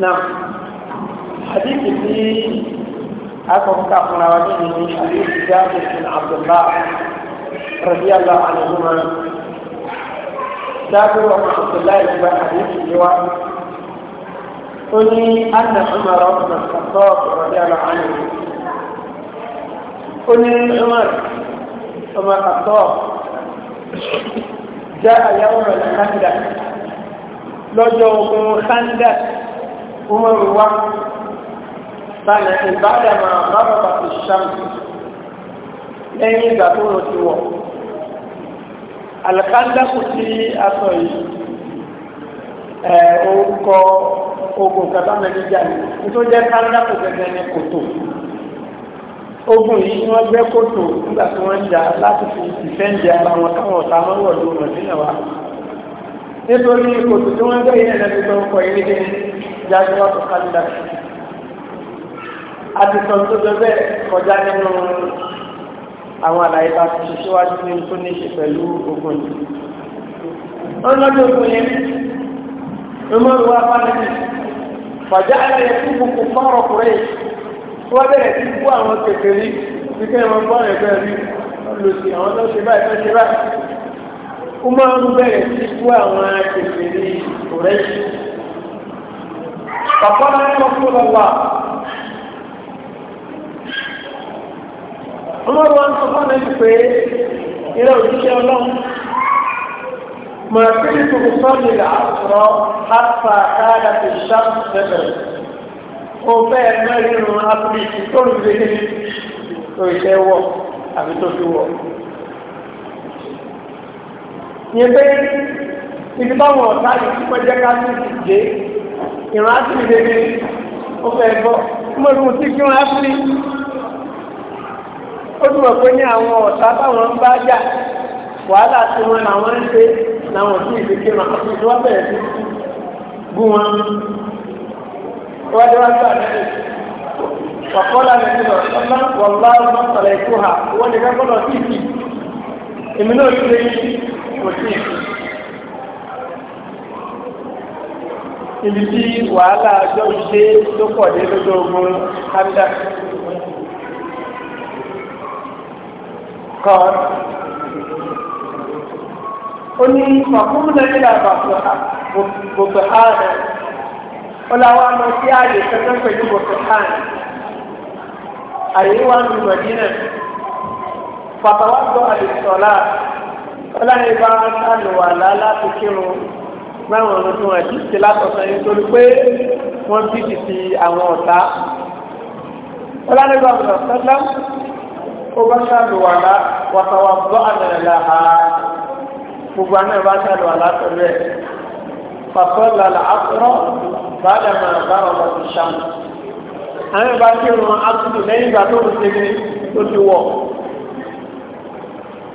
نعم حديث في أكم كافنا وجهه من حديث جابر بن عبد الله رضي الله عنهما جابر بن عبد الله إلى حديث اللواء قل أن عمر بن الخطاب رضي الله عنه قل عمر ثم الخطاب جاء يوم الخندق لو جو خندق عمر وقت سنة بعدما غربت الشمس لن يزالون سوى الخندق في أصوي orúkọ ogun kata mẹ́lẹ́jà ni nítorí jẹ́ kándákù gẹ́gẹ́ ní kòtò ogun yìí wọ́n gbẹ́ kòtò nígbà tí wọ́n ń jà láti fi ìfẹ́ǹdì ara wọn káwọn ọ̀tá mọ́wọ́ lóòrùn wa jáde ọ̀tún kálílà àtìsàn tó jọ bẹ́ẹ̀ kọjá nínú àwọn àlàyé bá ti ṣíwájú ní tó ní ṣe pẹ̀lú ogun ní ọlọ́dún ogun yẹn Umaru wa fánàbí fàjá àlẹ́ ẹ̀kú kòkò fọ́rọ̀ kùrẹ́ wọ́n bẹ̀rẹ̀ sí kú àwọn kékeré kíkẹ́ wọn gbọ́ ẹ̀gbẹ́ rí lòsì àwọn tó ṣe báyìí tó ṣe báyìí Umaru bẹ̀rẹ̀ sí kú àwọn kékeré kùrẹ́ yìí فقال يا رسول الله عمر وان صفان الفيل إلى وجه الله ما كنت أصلي العصر حتى كانت الشمس تدرس وبين مريم أصلي في كل ذلك ويشوف أبي تشوف yẹn bẹ́ẹ̀ ibi táwọn ọ̀tá yìí tí wọ́n jẹ́ ká ní ìdíje ìrún áfírí bèbè ó fẹ́ gbọ́ mo kí wọ́n áfírí ó túbọ̀ pé ní àwọn ọ̀tá táwọn ń bá jà wàhálà tí wọn làwọn ń ṣe bẹ̀rẹ̀ sí gún wọn ha wọ́n lè sí èmi náà ti ibi tí wàhálà ọjọ́ ìṣe tó pọ̀ dé lójú ogun hamda kọ́ ó ní fàkúrúnà nílà bòtò hánà ó láwọn ọmọ sí ààyè kankan pẹ̀lú bòtò hánà àyè wà ní Mádínà fàtàwà tó àdìsọ́lá ó láyé bá ń sálùwàlá láti báwọn ọ̀run tí wọ́n ti ṣe látọ̀sán yìí torí pé wọ́n bí ti fi àwọn ọ̀tá. ọlọ́dẹ́gbà ọ̀sán sọ́dá ó bá ṣàlùwàlá wàtàwà bọ́ àmẹ́rẹ̀ làhà gbogbo àná bá ṣàlùwàlá pẹ̀lú ẹ̀. fàfọ́lá làásọ̀rọ̀ bàdà máa bá ọ̀rọ̀ ti ṣàm. àwọn ìbá kí wọn àtúntò lẹ́yìn ìgbà tó ń ṣe ní tó ti wọ̀.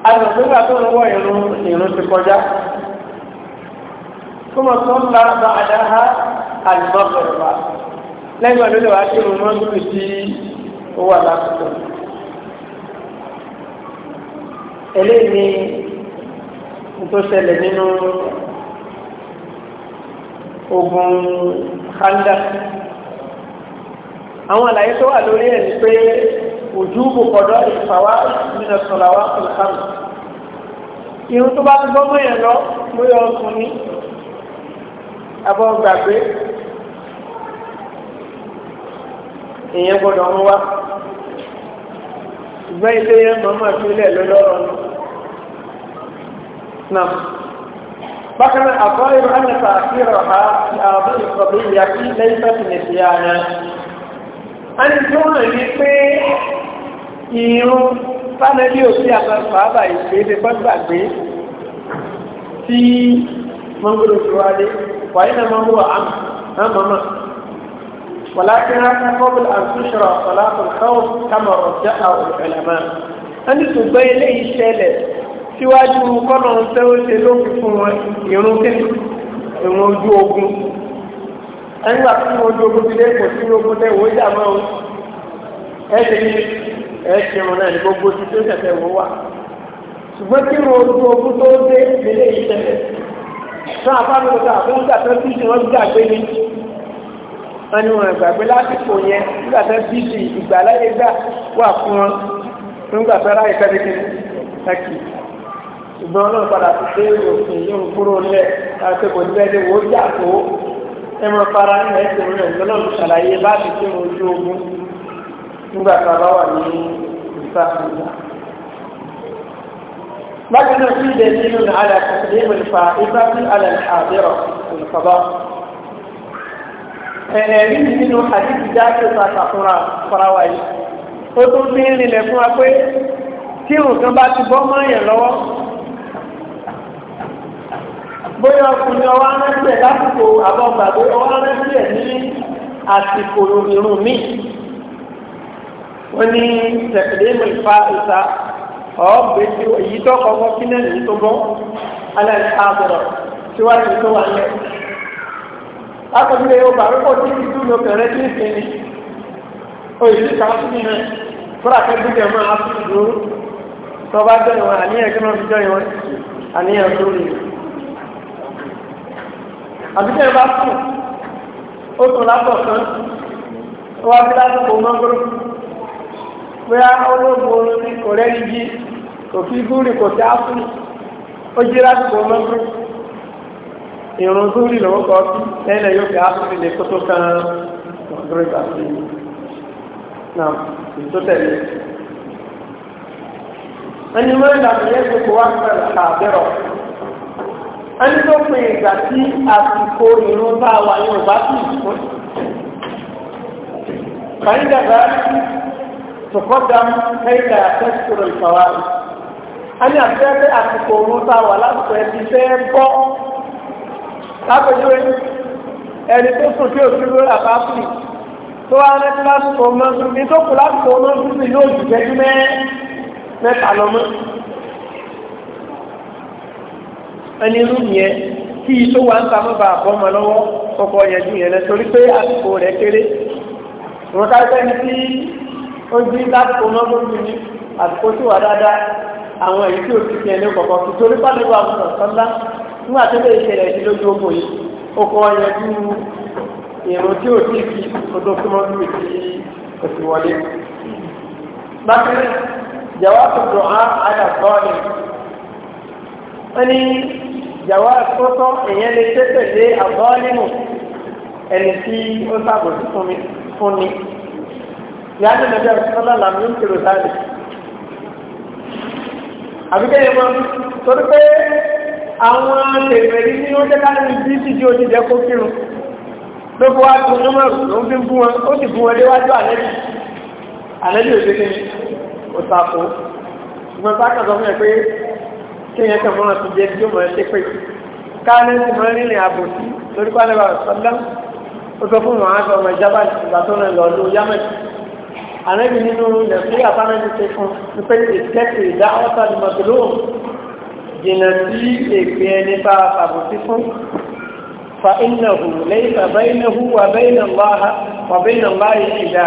àgbẹ̀gbẹ̀gbà tó ń wọ ìrún ìrún ti kọjá. ثم صلى بعدها المغرب lẹ́yìn ọdún lẹ́wàá tí mo máa ń gbé sí owó àlàkùtò eléyìí ni tó ṣẹlẹ̀ nínú ogun kanda àwọn àlàyé tó wà lórí ẹ̀ ni pé ojú kòkòdọ́ ìfàwá nínú sọ̀làwá kòlùkàmù irun tó bá ti gbọ́ mọ́ yẹn lọ lórí ọkùnrin abọ́ gbàgbé ìyẹn gbọ́dọ̀ ń wá ṣùgbọ́n ilé yẹn màmá sílẹ̀ lọ́lọ́rọ̀ náà. بكر الظاهر أن تأثيرها لأعضاء القضية ليست نسيانا أن تكون لكي irun fánẹ́lì òsì àpapọ̀ àbà ìgbé ti pọ́gbàgbé tí mọ́gbọ́dọ̀ tó wáyé وإنما هو أمر أمر ولكن هذا قبل أن تشرع صلاة الخوف كما رجحه العلماء أن تبين لي شيء síwájú kọ́nà tẹ́wọ́sẹ̀ ló fi fún wọn ìrún kí ìwọ̀n ojú ogun ẹgbà fún ojú ogun ti lẹ́kọ̀ọ́ sí ogun tẹ́wọ́ ìjà máa ń ẹ̀ṣẹ̀ ní ẹ̀ṣẹ̀ wọn náà ní gbogbo ti tó ṣẹ̀ṣẹ̀ wọ́n wà ṣùgbọ́n kí ìrún ojú ogun tó dé nílé ìṣẹ̀lẹ̀ sọ́n afárúkọ àwọn ìgbàtọ́ tí ìṣẹ́ wọ́n gbàgbé ní ẹnu wọn gbàgbé lásìkò yẹn nígbàtọ́ tí ìṣẹ́ ìgbàláyé gbà wà fún wọn nígbàtọ́ ráyè kẹ́kẹ́ kẹ́kì ṣùgbọ́n náà padà ti dé òfin yóò kúrò lẹ̀ àti kò ní ẹni wò ó jà tó ẹ mọ fara ní ẹsẹ̀ mi náà ìgbọ́nà mi ṣàlàyé láti ṣe ojú ogun nígbàtọ́ لكن في دليل على تقديم الفائدة على الحاضرة في القضاء ẹ̀rí nínú àdìsí jáde pàtàkùnra farawa yìí ó tún fi ń rinlẹ̀ fún wa pé tí nǹkan bá ti bọ́ mọ́yàn lọ́wọ́ bóyá ọkùnrin ọwọ́ aránṣẹ́ lásìkò àbọ̀gbàgbé ọwọ́ aránṣẹ́ ní àsìkò ìrùn míì wọ́n ní tẹ̀kídéèmù ìfa ìta ọ̀ọ́gbé tí èyí tó kọ́kọ́ kí náà èyí tó bọ́ alẹ́ àbọ̀rọ̀ síwájú tó wà lẹ́. Akọ̀bílẹ̀ yóò bá rúkọ̀ tí kì í dúró kẹrẹ tí ń sin ni. Oyè ti kà á sí nìyẹn. Fúra kẹ́gbẹ́ jẹ̀ mọ́ a fún ìdúró. Tó bá jẹ́ ìwọ̀n àníyàn kí wọ́n fi jọ ìwọ̀n àníyàn tó rí. Àbíkẹ́ bá sùn, ó sùn látọ̀ kan, ó wá bí lásìkò mọ́ngòrò bóyá olóògùn olómi kò rẹ́ni jí kò fi gúrì kò sí áfún ó jí lásìkò mọ́tò ìrùn gúrì lọ́wọ́ kọ́ sí lẹ́yìn náà yóò fi áfún ilé kó tó kan ọ̀dọ́rẹ́ bá sí i náà tó tẹ̀lé. ẹni mọ́rin làbẹ̀yẹ́ gbogbo wá pẹ̀lú àbẹ̀rọ̀ ẹni tó pè ìgbà tí àsìkò ìrún bá wà yóò bá sì fún. kàyídàgbà تقدم كي لا تكثر الفوائد أنا أبدأ أتكون ولا أتكون بọ́ lápẹjúwe ẹni tó sùn tí òsì lórí àpapì tó wá rẹ lásìkò mọ́sùn ní tó kù lásìkò mọ́sùn sí yóò jù jẹ́jú mẹ́ta lọ́mọ́ ẹni irú yẹn kí i tó wà ń tamọ́ bá àbọ́mọ lọ́wọ́ kọ́kọ́ yẹn ju yẹn lẹ torí pé àsìkò ó jí láti ọmọ gbogbo ní àsìkò tí wà dáadáa àwọn èyí tí ò ti tiẹ̀ ní kọ̀kọ́ tó torí pàdé wà sọ̀rọ̀ sọ́lá fún àtẹ́lẹ̀ ìṣẹ̀lẹ̀ sí lójú ogun yìí ó kọ́ yẹjú ìrùn tí ò tí ì fi odò fún ọdún ìtì òsì wọlé. bákan náà jawab du'a ala sọ́ọ̀lì wọ́n ní jawab àkótọ́ èèyàn lè tẹ́tẹ̀lé àbọ́ọ̀lì nù ẹni tí ó sàbòsí fún mi yáni nàbí àbísọ́lá làmú ń kèrò sáré àbíkẹ́ yẹn mọ́ torí pé àwọn tèmẹ̀rí ní ó jẹ́ká ní bí ti di oníjẹ kó kírun lóko wá tún nọ́mọ̀rù ló ń fi bú wọn ó sì bú wọn déwájú àlẹ́bí àlẹ́bí ò dé kíni ó sàkó ṣùgbọ́n bá kàn sọ fún ẹ pé kí yẹn kàn mọ́ràn ti jẹ́ tí ó mọ̀ ẹ́ ṣe pé káàní ti mọ́ rìnrìn àbò sí lórí pálẹ́bà sọ́lá ó sọ fún màá sọ ọmọ ìjábá ìgbà tó rìn lọ lóyámẹ́sì ànábì nínú nàìjíríà fánàbì ṣe fún nípa ìtẹ́kì ìdáwọ́ta ní mọ̀tòló jìnà sí èpè ẹni bá àbòsí fún fa innahu laysa baynahu wa bayna Allah wa bayna Allah ìdá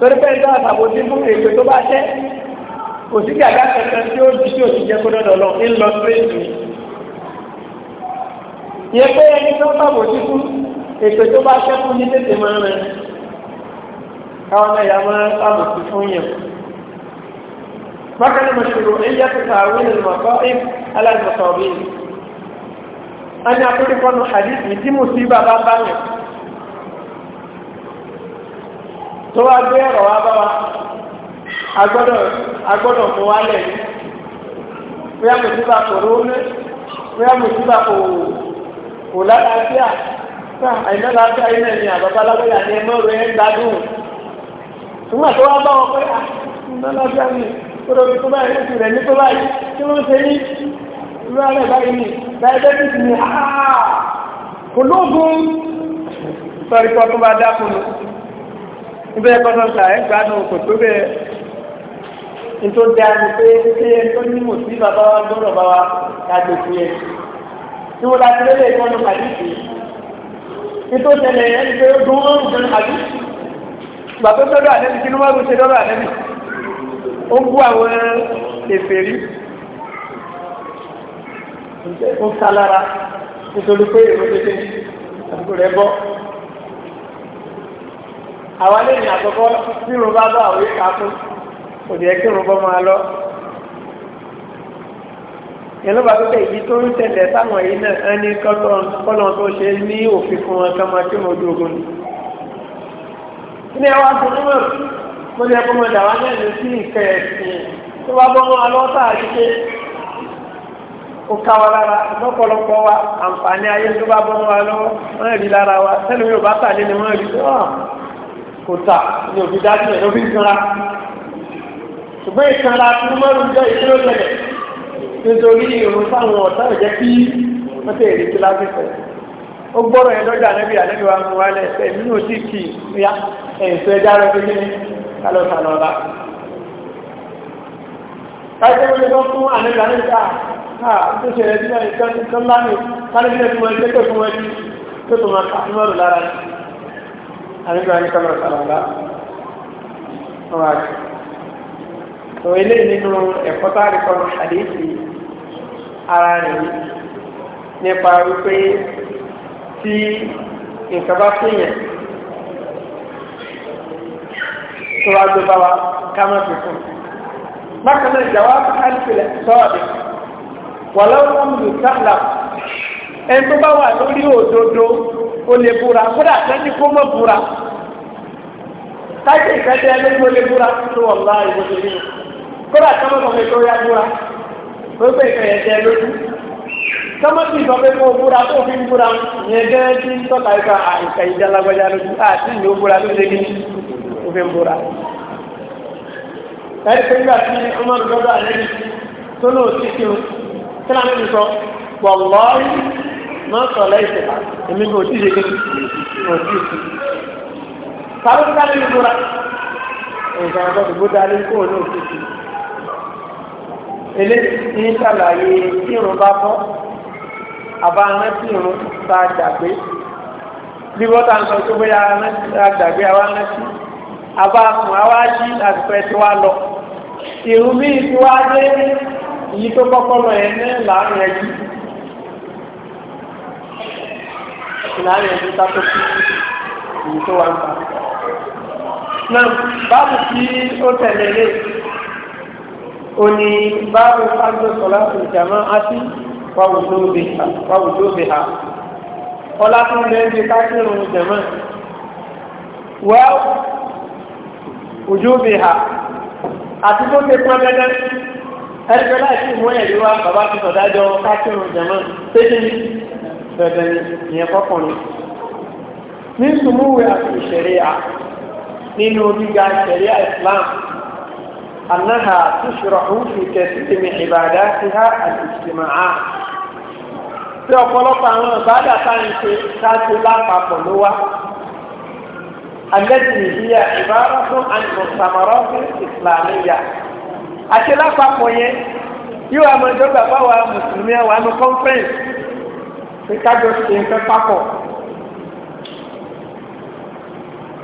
torí pé ìdá àbòsí fún èpè tó bá tẹ́ kò sí gàgá kankan tí ó di tí ò kó káwọn náà yà máa sáàmù sí fún yẹn bákan náà ṣòro èyí yàtọ̀ sàárò ní ìmọ̀kọ́ ìm aláìsọ̀tọ̀ bí i a ní akérèkọ́nù àdìsí tí mo sí bàbá bá yẹn tó wá gbé ọ̀rọ̀ wá bá wa agbọ́dọ̀ agbọ́dọ̀ ṣùgbọ́n tó wá bá wọn pé ah, àlọ́lọ́bí àmì kúròbí tó báyìí lóṣù rẹ̀ ní tó báyìí kí wọ́n ṣe ní ìlú báyìí ní diabetes ni ah, kò lóògùn sọ̀rí kan tó bá dákun ní ibẹ̀ ẹ̀kọ́ náà ṣà ah, ẹ̀ gbádùn kò tó bẹ́ẹ̀ ní tó dá ní pé ṣé ẹni tó ní mòtí bàbá wa gbọ́dọ̀ bá wa kájọ sí ẹ̀ tí wọ́n láti lélẹ̀ ìkọ́nù àdìsí ní tó ṣẹlẹ̀ ẹni pé ó dún ó ń gbẹ̀rù àdìsí ìgbà tó dọ́dọ̀ ànẹ́bì kí ló máa ń ṣe dọ́dọ̀ ànẹ́bì ó ń bú àwọn èfèrí ó ń ká lára nítorí pé èrò tètè àdúgbò rẹ bọ́ àwa lẹ́yìn àkọ́kọ́ nínú bá bá àwọn ìka fún òdì ẹ̀kírun bọ́ máa lọ ìlú bá tó tẹ ìdí tó ń tẹ̀lẹ̀ sáwọn èyí náà ẹni kọ́lọ́n tó ṣe ní òfin fún wọn kọ́mọ tí mo dúró ni ilé wa tó ní mọ̀ mo ní ẹkọ́ mọ̀ dàwọn náà ní sí nǹkan ẹ̀sìn tó bá bọ́ wọn lọ́wọ́ sáà ṣíṣe ó ká wa lára lọ́pọ̀lọpọ̀ wa àǹfààní ayé tó bá bọ́ wọn lọ́wọ́ wọ́n rí lára wa sẹ́nu yóò bá tà nínú wọn rí kò tà ní òbí dájú ẹ̀ lóbi kanra ṣùgbọ́n ìkanra tó mọ́rù jẹ́ ìdúró nítorí ìrùn sáwọn ọ̀tá ìjẹ́ kí wọ́n tẹ̀ èrè ó gbọ́rọ̀ yẹn lọ́jọ́ ànẹ́bí ànẹ́bí wa mú wálẹ̀ ẹ̀fẹ́ nínú òsì kì í ya ẹ̀fẹ́ dáró pé kíni kálọ̀ sànà ọ̀la. káyọ̀ wọlé lọ fún ànẹ́bí ànẹ́bí ká ha tó ṣe ẹ̀dí náà ìkan ìkan lánà kálẹ́bí náà fún wọn ẹgbẹ́ fún wọn ẹni tó tó máa ká fún ọ̀rọ̀ lára ànẹ́bí wa ní kálọ̀ sànà ọ̀la. ọ̀rọ̀ àti nínú ẹ̀kọ́ tá a rí tí nǹkan bá fẹ́yàn tó wá gbé bá wa ká má fi fún un. bákan náà ìjà wa kálífìlẹ̀ sọ́ọ̀dì wà lọ́wọ́ ń lù sáàlà ẹni tó bá wà lórí òdodo ó lè búra kódà sẹ́ni kó mọ̀ búra táyé ìfẹ́jẹ́ ẹni tó lè búra tó wọ̀ láàyè gbogbo nínú kódà sẹ́ni kó mọ̀ búra ó gbé ìfẹ́jẹ́ lójú sọmọtì ìsọfẹ kó búra tó fi ń búra yẹn gẹ́gẹ́ tí ń tọ́ka ẹ̀ka àìsà ìdálagbajà lójú àti ìlú búra tó lébi tó fi ń búra. ẹ̀rí pé nígbà tí ọmọ ìgbọ́dọ̀ àlẹ́bí tó lò sí kí o kí lóò ní sọ pọ̀lọ́ máa sọ lẹ́yìn èmi kò tí ì ṣe kékeré kò tí ì ṣe. sáré ń dárí ní búra nǹkan ọ̀dọ́ ìgbó darí kó ní òkè sí. eléyìí ń sàlàyé kí irun bá fọ́ àbá rántí irun tá a gbàgbé bí wọ́n tà ń sọ tó bóyá a gbàgbé àwa rántí àbá sùn àwa yí àtìpẹ́ tí wá lọ irun míì tí wá dé èyí tó kọ́kọ́ lọ yẹn ní láàrin ẹjú láàrin ẹjú tá tó kú èyí tó wà ń ta náà báàbù tí ó tẹ̀lé lé òní báàbù fáńdó sọlá ìjàmá á sí wàwùjọ́ bí ha ọlá tún lè ń di kákìrún jẹ̀mọ́ wà ojú bí ha àti tó ṣe pọn dandan ẹgbẹ́ láìsí ìmú ẹ̀rí wa bàbá ti sọ̀dájọ́ kákìrún jẹ̀mọ́ péjì ní dandan ìyẹn kọkùnrin ní sùmúwẹ̀ àti ìṣẹ̀rí أنها تشرح في كثير من عباداتها الاجتماعات tí ọ̀pọ̀lọpọ̀ àwọn ìbáàdà táyìnṣe ṣáàṣì lápapọ̀ ló wá alẹ́sìn ìdíyà ìbára fún àìmọ̀sàmọ̀rọ̀ fún ìsìlámíyà àti lápapọ̀ yẹn yóò àmọ́ ìjọba báwa mùsùlùmí àwọn àmì kọ́nfẹ́ǹsì pé kájọ ṣe ń fẹ́ papọ̀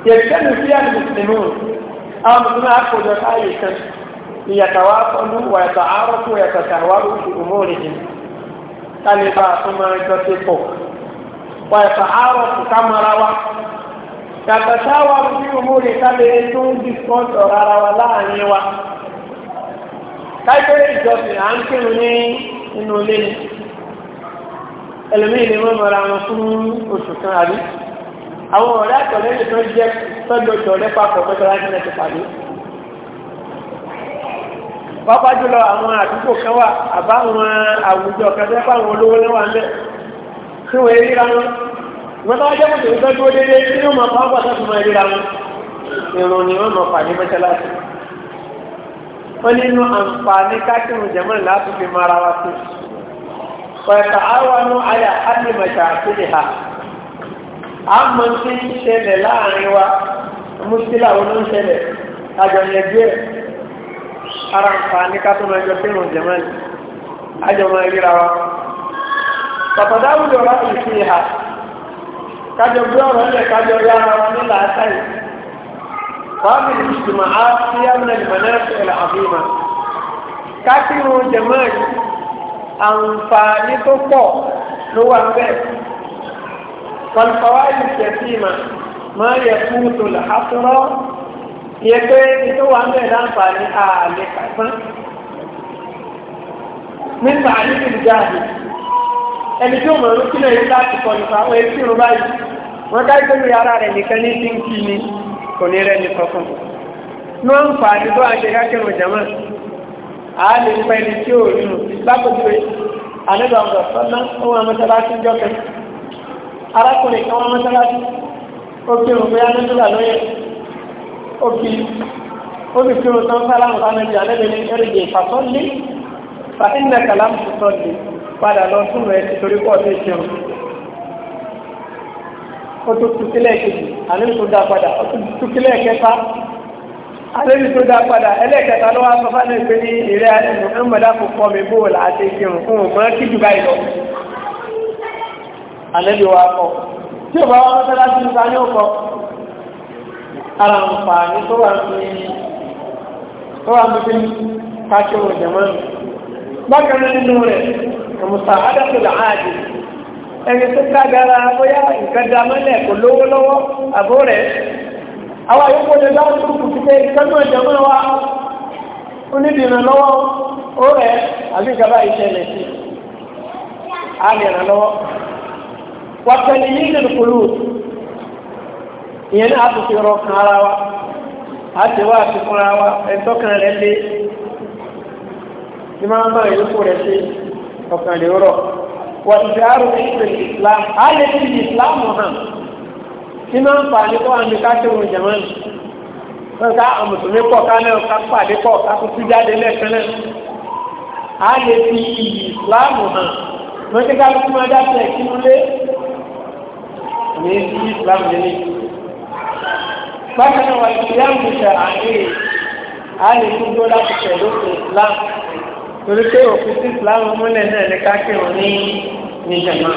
yẹ̀kẹ́nu sí àmì mùsùlùmí àwọn mùsùlùmí àkójọ káyè kan ìyàtàwá fọlú wàyàtà àárọ̀kù wàyàtà àwárò ìṣòwò òrìṣìn kálíbà àtúmọ̀ ẹjọ́ ti pọ̀ wàyàtà àárọ̀kù kámara wa yàtà sáwà bí òmùrì kálí tó ń dìkọ́tọ̀ rárá wa láàrin wa káyọ̀ ìjọsìn à ń kírun ní inú ilé ni ẹlòmíì lè mọ̀ mọ́ra àwọn ọ̀rẹ́ àtọ̀rẹ́ lè tó jẹ́ tọ́jọ́ ìtọ̀rẹ́ papọ̀ pẹ́tọ́lá ní ẹ̀sìn pàdé pápá jùlọ àwọn àdúgbò kan wà àbáwọn àwùjọ kan tẹ́ fáwọn olówó lẹ́wà ńlẹ̀ tí wọ́n ríra wọn wọ́n tó wájẹ́ mọ̀tò tó dúró dédé tí wọ́n mọ̀ pápá tó fi mọ̀ ríra wọn ìrùn ni wọ́n mọ̀ pàdé mẹ́tẹ́láṣí wọ́n nínú àǹfààní kákìrùn jẹ́mọ̀ láti fi mara wa sí pẹ̀lú àwọn àyà á àmọ́ tí ń ṣẹlẹ̀ láàrin wa mùsùlùmí àwọn ló ń ṣẹlẹ̀ àjọyẹ̀dú ẹ̀ ara ń fa ní kátó máa jọ fẹ́ràn jẹ̀mọ́lì àjọ máa ríra wa pàtàkì àwùjọ wa kì í fi hà kájọ gbé ọ̀rọ̀ ńlẹ̀ kájọ rí ara wa nílà àtàyè wàá á sí fọlùfọwáyì kẹsìmà máa yẹ fún tòlù àtúrọ yẹ pé ètò wà mẹ́rin láǹfààní ààlẹ́ kàtán nípa àníbi ìjáde ẹni tí ó mọ̀ ló kílẹ̀ yìí láti kọ nípa àwọn etí irun báyìí wọ́n dá ìgbẹ́lú ara rẹ̀ nìkan ní ti ń kí ni kò ní rẹ̀ nìkan fún un ló ń fa àdúgbò arákùnrin kan wọ́n mọ́sálásí ó òun bóyá lọ́dúnlá lóyè ó fi ó fi kí òun tán sálámù sánẹ́bí àlẹ́bí ní ẹ̀rẹ́dì kàlámù sọ́lé padà lọ fún rẹ̀ torí pọ̀ sí ìṣẹ́un ó tó tukílẹ̀ kejì àlẹ́bí tó dá padà ó tó tukílẹ̀ kẹta àlẹ́bí tó dá padà ẹlẹ́kẹta ló wá sọ ìrẹ́ mi bóòlà àti àlẹ́bí wa kọ́ tí ò bá wá mọ́sálásí nípa ní ọkọ̀ ara ń fa ní tó wà ní tó wà níbi káàkiri ìjẹ̀mọ́ nù. bákan nínú rẹ̀ ẹ̀mùsà adákùnlé ààjì ẹni tó kágara bóyá nǹkan da mọ́lẹ̀ kò lówó lọ́wọ́ àbó rẹ̀ àwọn àyíkò lè bá tó kù síké wa lọ́wọ́ ó rẹ̀ àbí ìjọba ìṣẹ̀lẹ̀ wàtẹ̀lì ní ìlú kùlù ìyẹn náà àtúnṣe rọ kan ara wa àtẹwà àti fúnra wa ẹ̀tọ́ kan rẹ̀ lé ní máa ń bá ìlú kù rẹ̀ sí ọ̀kan lè rọ̀ wàtẹ̀lì àrùn ìpè Islam á lè fi Islam hàn ní máa ń pàdé tó àmì káṣíwòn jẹ̀mọ́nì wọ́n ká àmùsùnmí pọ̀ ká náà ká pàdé pọ̀ ká kú sí jáde lẹ́ẹ̀kan náà á lè fi ìyì Islam hàn lọ́jọ́ ká ló máa dá sí ẹ̀kínú lé ní sí islam nílé. bákan náà wà islam ti ṣe àárín a lè dúró láti tẹ̀lé òfin islam torí pé òfin sí islam múlẹ̀ náà ní kákìrún ní níjàmá.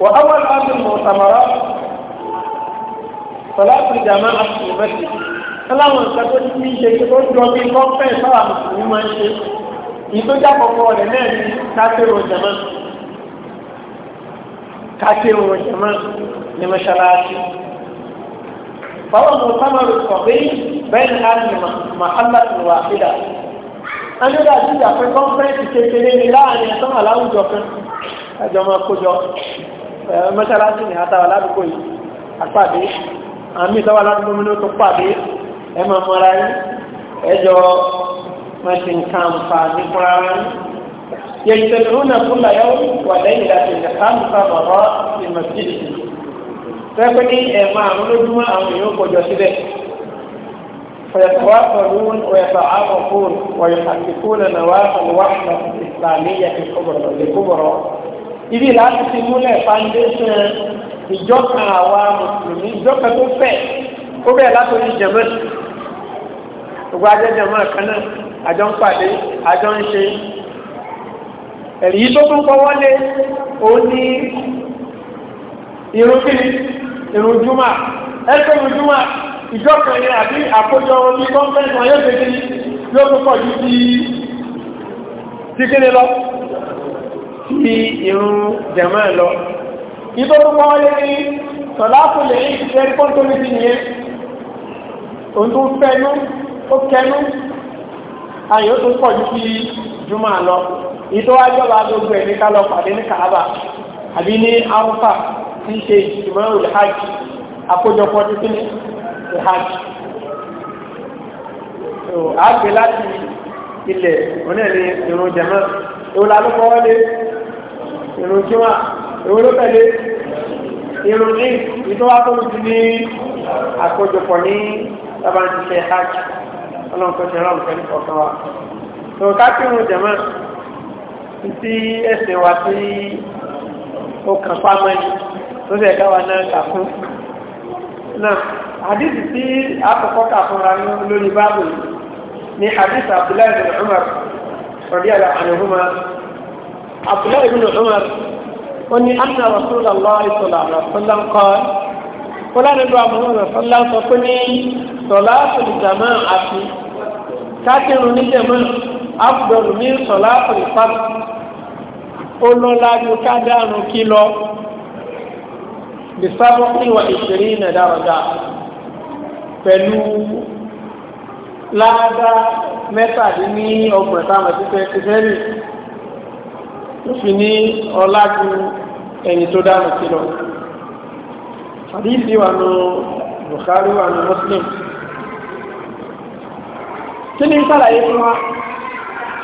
وأول أمر المؤتمرات صلاة الجماعة في المسجد. Aláwọn ìgbàgbọ́ tí ń ṣe tó jọ bí kọ́ńpẹ́ sára mùsùlùmí máa ń ṣe ìtọ́jà kọ̀ọ̀kan rẹ̀ náà ní kásìrò jẹ̀mọ́ kásìrò jẹ̀mọ́ ní mọ́ṣáláṣí. Báwo ni Sámà rẹ̀ sọ pé bẹ́ẹ̀ ni a ní Màhálà ti wà sídà? Anídà ti jà pé kọ́ńfẹ́ǹsì kékeré ni láàrin ẹ̀sán àláwùjọ kan. Ẹjọ́ máa kójọ mọ́ṣáláṣí ni àtàwà ládùúgbò yìí àpàdé. Àmì ìtọ́wà ládùúgbò mi ló tó pàdé. Ẹ máa mọra yín. Ẹjọ́ wọ́n ti ń ká nfa ní kúrá rẹ̀. yẹ̀tẹ̀lúnà kúlà yọ wà lẹ́yìn láti ní káàmùkà bàbá ìmọ̀sílì. pẹ́pẹ́ ní ẹ̀ma àwọn olójúmọ́ àwọn èèyàn kọjọ síbẹ̀. ويتواصلون ويتعاطفون ويحققون نواقض الوحدة الإسلامية الكبرى الكبرى ibi láti fi múlẹ̀ foundation ìjọkan àwa mùsùlùmí ìjọkan tó fẹ̀ ó bẹ̀rẹ̀ látòrí jẹ̀mọ́ gbogbo ajẹ́jẹ̀mọ́ kan àjọ ń pàdé àjọ ń ṣe ẹ̀rí tó tún kọ́ wọlé ó ní irun kiri irun júmà ẹsẹ̀ irun júmà ìjọ kan yẹn àbí àkójọ omi kọ́ńfẹ́ǹsì wọn yóò ṣe kiri yóò tún pọ̀ ju ti ti kiri lọ ti irun jẹ̀mọ́ ẹ̀ lọ ìtọ́ tó kọ́ wọlé ní sọ̀láàpù lẹ́yìn ìṣẹ́rí kọ́ńtọ́mìtì nìyẹn òun tó fẹnu ó kẹnu àyè ó tún pọ̀ ju ti jùmọ̀ lọ ìtọ́ ajọba gbogbo ẹ̀ ní ká lọ pàdé ní kàába àbí ní arúfà tí ṣe ìjùmọ̀ ìlhajj àkójọpọ̀ títí ní ìlhajj. a gbé láti ilẹ̀ onílẹ̀ ìrun jẹ̀mọ́ ìwọ la ló kọ́wọ́ lé ìrun jùmọ̀ ìwọ ló tẹ̀lé ìrun ní ìtọ́wá tó ti ní àkójọpọ̀ ní sábà ń ṣiṣẹ́ hajj ọlọ́run tó ṣe rán nǹkan ní kọ̀ọ̀kan wa tó ká kí irun jẹ̀mọ́ tí ẹsẹ̀ wa tí ó kàn pamọ́ ni tó sì ẹ̀dá wa náà kà fún náà Abdullahi bin Umar radiyallahu anhuma Abdullahi bin Umar wọ́n ní anna Rasulullahi sallallahu alaihi wasallam qala kọ́lá nígbà mọ́ ọ̀rọ̀ sọ́lá sọ pé ní sọ̀lá sọ̀lá jàmáà kákìrún níjẹ̀mọ́ afdọ́rù ní sọ̀lá àpòlùpàdù olólájú kádàánù kìlọ̀ bisabu iwa ìṣirí na dáradá pẹ̀lú láàdá mẹ́tàdínní ọgbọ̀n táwọn ti fẹ́ ti fẹ́rì ó fi ní ọlájú ẹni tó dáhùn kìlọ̀ àdìsí wà nù Bukhari wà nù Muslim kí ni sàlàyé fún wa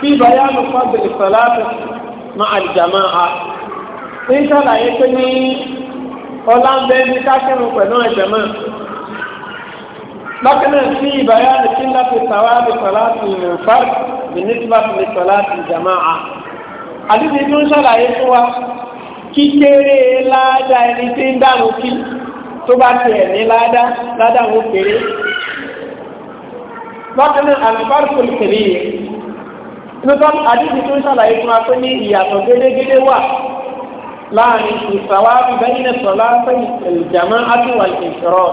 fi bayanu fadl salati ma aljamaa ní sàlàyé pé ní ọlá ń bẹ ní kákẹ́rù pẹ̀lú ẹ̀jẹ̀mọ́ bákan náà fi bayanu kí n láti sàwáàbì salati mufar bi nisbati salati jamaa àdìsí tó ń sàlàyé fún wa kíkéré ládàá ẹni tí ń dànù kí tó bá tiẹ̀ ní ládàá ládàá wọn kéré bákan náà àlùbáríkò kiri yìí nípa àdìsí tó ń ṣàlàyé fún wa pé ní ìyàtọ̀ gédégédé wà láàrin ìsàwá bẹ́yìn sọ̀lá sẹ́yìn jàmá àtiwà ìṣòro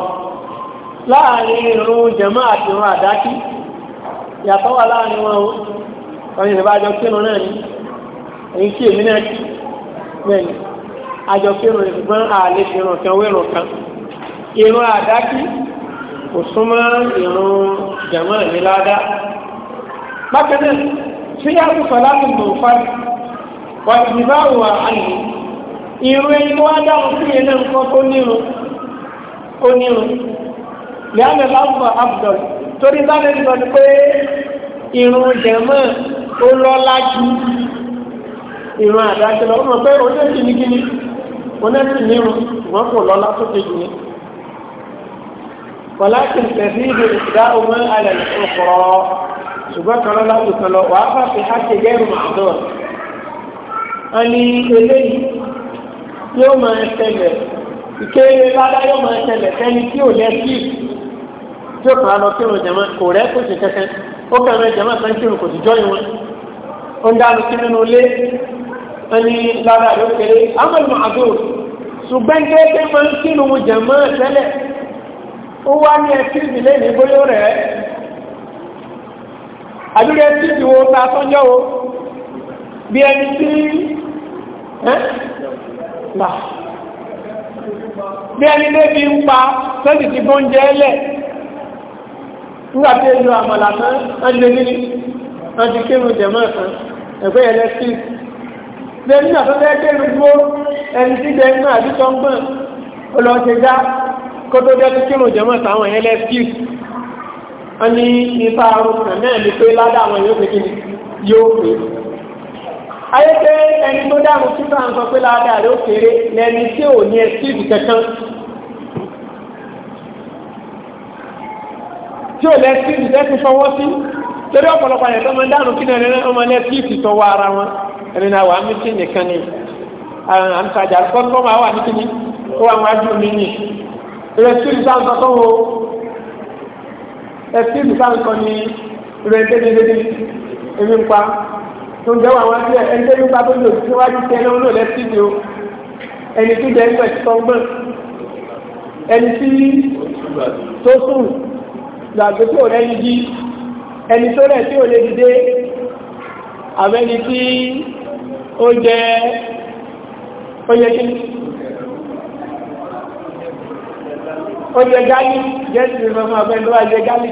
láàrin irun jàmá àti irun àdákì ìyàtọ̀ wà láàrin wọn o wọn yìí bá jọ náà ni èyí tí èmi náà kí bẹ́ẹ̀ ni ìgbọ́n àlejò ìrùn kan kan irun àdákì kò súnmọ́ ìrún jàmọ́ ní ládá bákanáà tí a kò fà láti mọ̀ fàdí wà ní báwo wà áyì ìrún ẹni wá dáhùn sí yẹn náà nǹkan tó nírun ó nírun lẹ́yìn láwùjọ abdul torí sáré ti sọ pé ìrún jàmọ́ ó lọ́lá ju ìrún àdájọ́ lọ ó mọ̀ pé oníṣẹ́ kìnnìkìnnì oníṣẹ́ nírun wọ́n kò lọ́lá tó kejì ni. ولكن تزيد إحداؤهما على الأخرى سبحان الله تعالى وعفى في حق غير معذور أني إلي يوم أتبع كي بعد يوم أتبع كان كيو لأسيب جو قالوا كيو جماعة كوريكو تتكن وكما جماعة تنكيو كوتي جوي وان وندالو كيو نولي أني لا لا يوكري أما المعذور سبحان الله تعالى كيو ó wá ní ẹtíìsì lẹ́nu bóyá rẹ̀ àdúrà ẹtíìsì wo ta sọ́njọ́ o bí ẹni tí là bí ẹni lébi ń pa sẹ́ẹ̀sì ti gbóúnjẹ lẹ̀ nígbà tí èlò àmàlà kan wọ́n lé ní wọ́n ti kírun jẹ̀mọ́ kan ẹ̀gbẹ́ ẹlẹ́tíìsì lẹ́yìn náà tó fẹ́ kírun gbó ẹni tí gbẹ̀ẹ́ náà àdúgbò ń gbọ̀n ó kó tó jẹ́ kíkírùn jẹmọ́ táwọn yẹn lẹ́skìs wọ́n ní ipa arúgbó náà ní pé ládà àwọn yóò pé kíni yóò pé ayé pé ẹni tó dáàmú títà ń sọ pé ládà rẹ̀ ó kéré lẹ́ni tí ò ní ẹskìs kankan tí ò lẹ́skìs lẹ́sìn fọwọ́ sí torí ọ̀pọ̀lọpọ̀ àyẹ̀tọ́ máa ń dànù kí ni ọmọ lẹ́skìs tọwọ́ ara wọn ẹni náà wà á mí sí nìkan ni àǹtajà kọ́ńtọ́ máa wà ní kíni ó wà wájú mi nìyí ìrẹsìlì tá à ń sọ tó wo ẹsìlì tá à ń sọ ní ìrẹsìlì èmi ń pa tó ń jẹ́ wàá sí ẹni tó ń pa tó lò síwájú sí ẹni olóò lẹ́sìlì o ẹni tó jẹ́ ẹgbẹ́ sọ́gbọ́n ẹni tí tó sùn gbàgbé tó rẹ́ yìí jí ẹni tó rẹ̀ tí ò lè dìde àbẹ́ni tí ó jẹ́ ó yẹ kí ọjọ́ gáàlì jẹ́sì ìfẹ́mọ́ abẹ́lú ajẹ́ gáàlì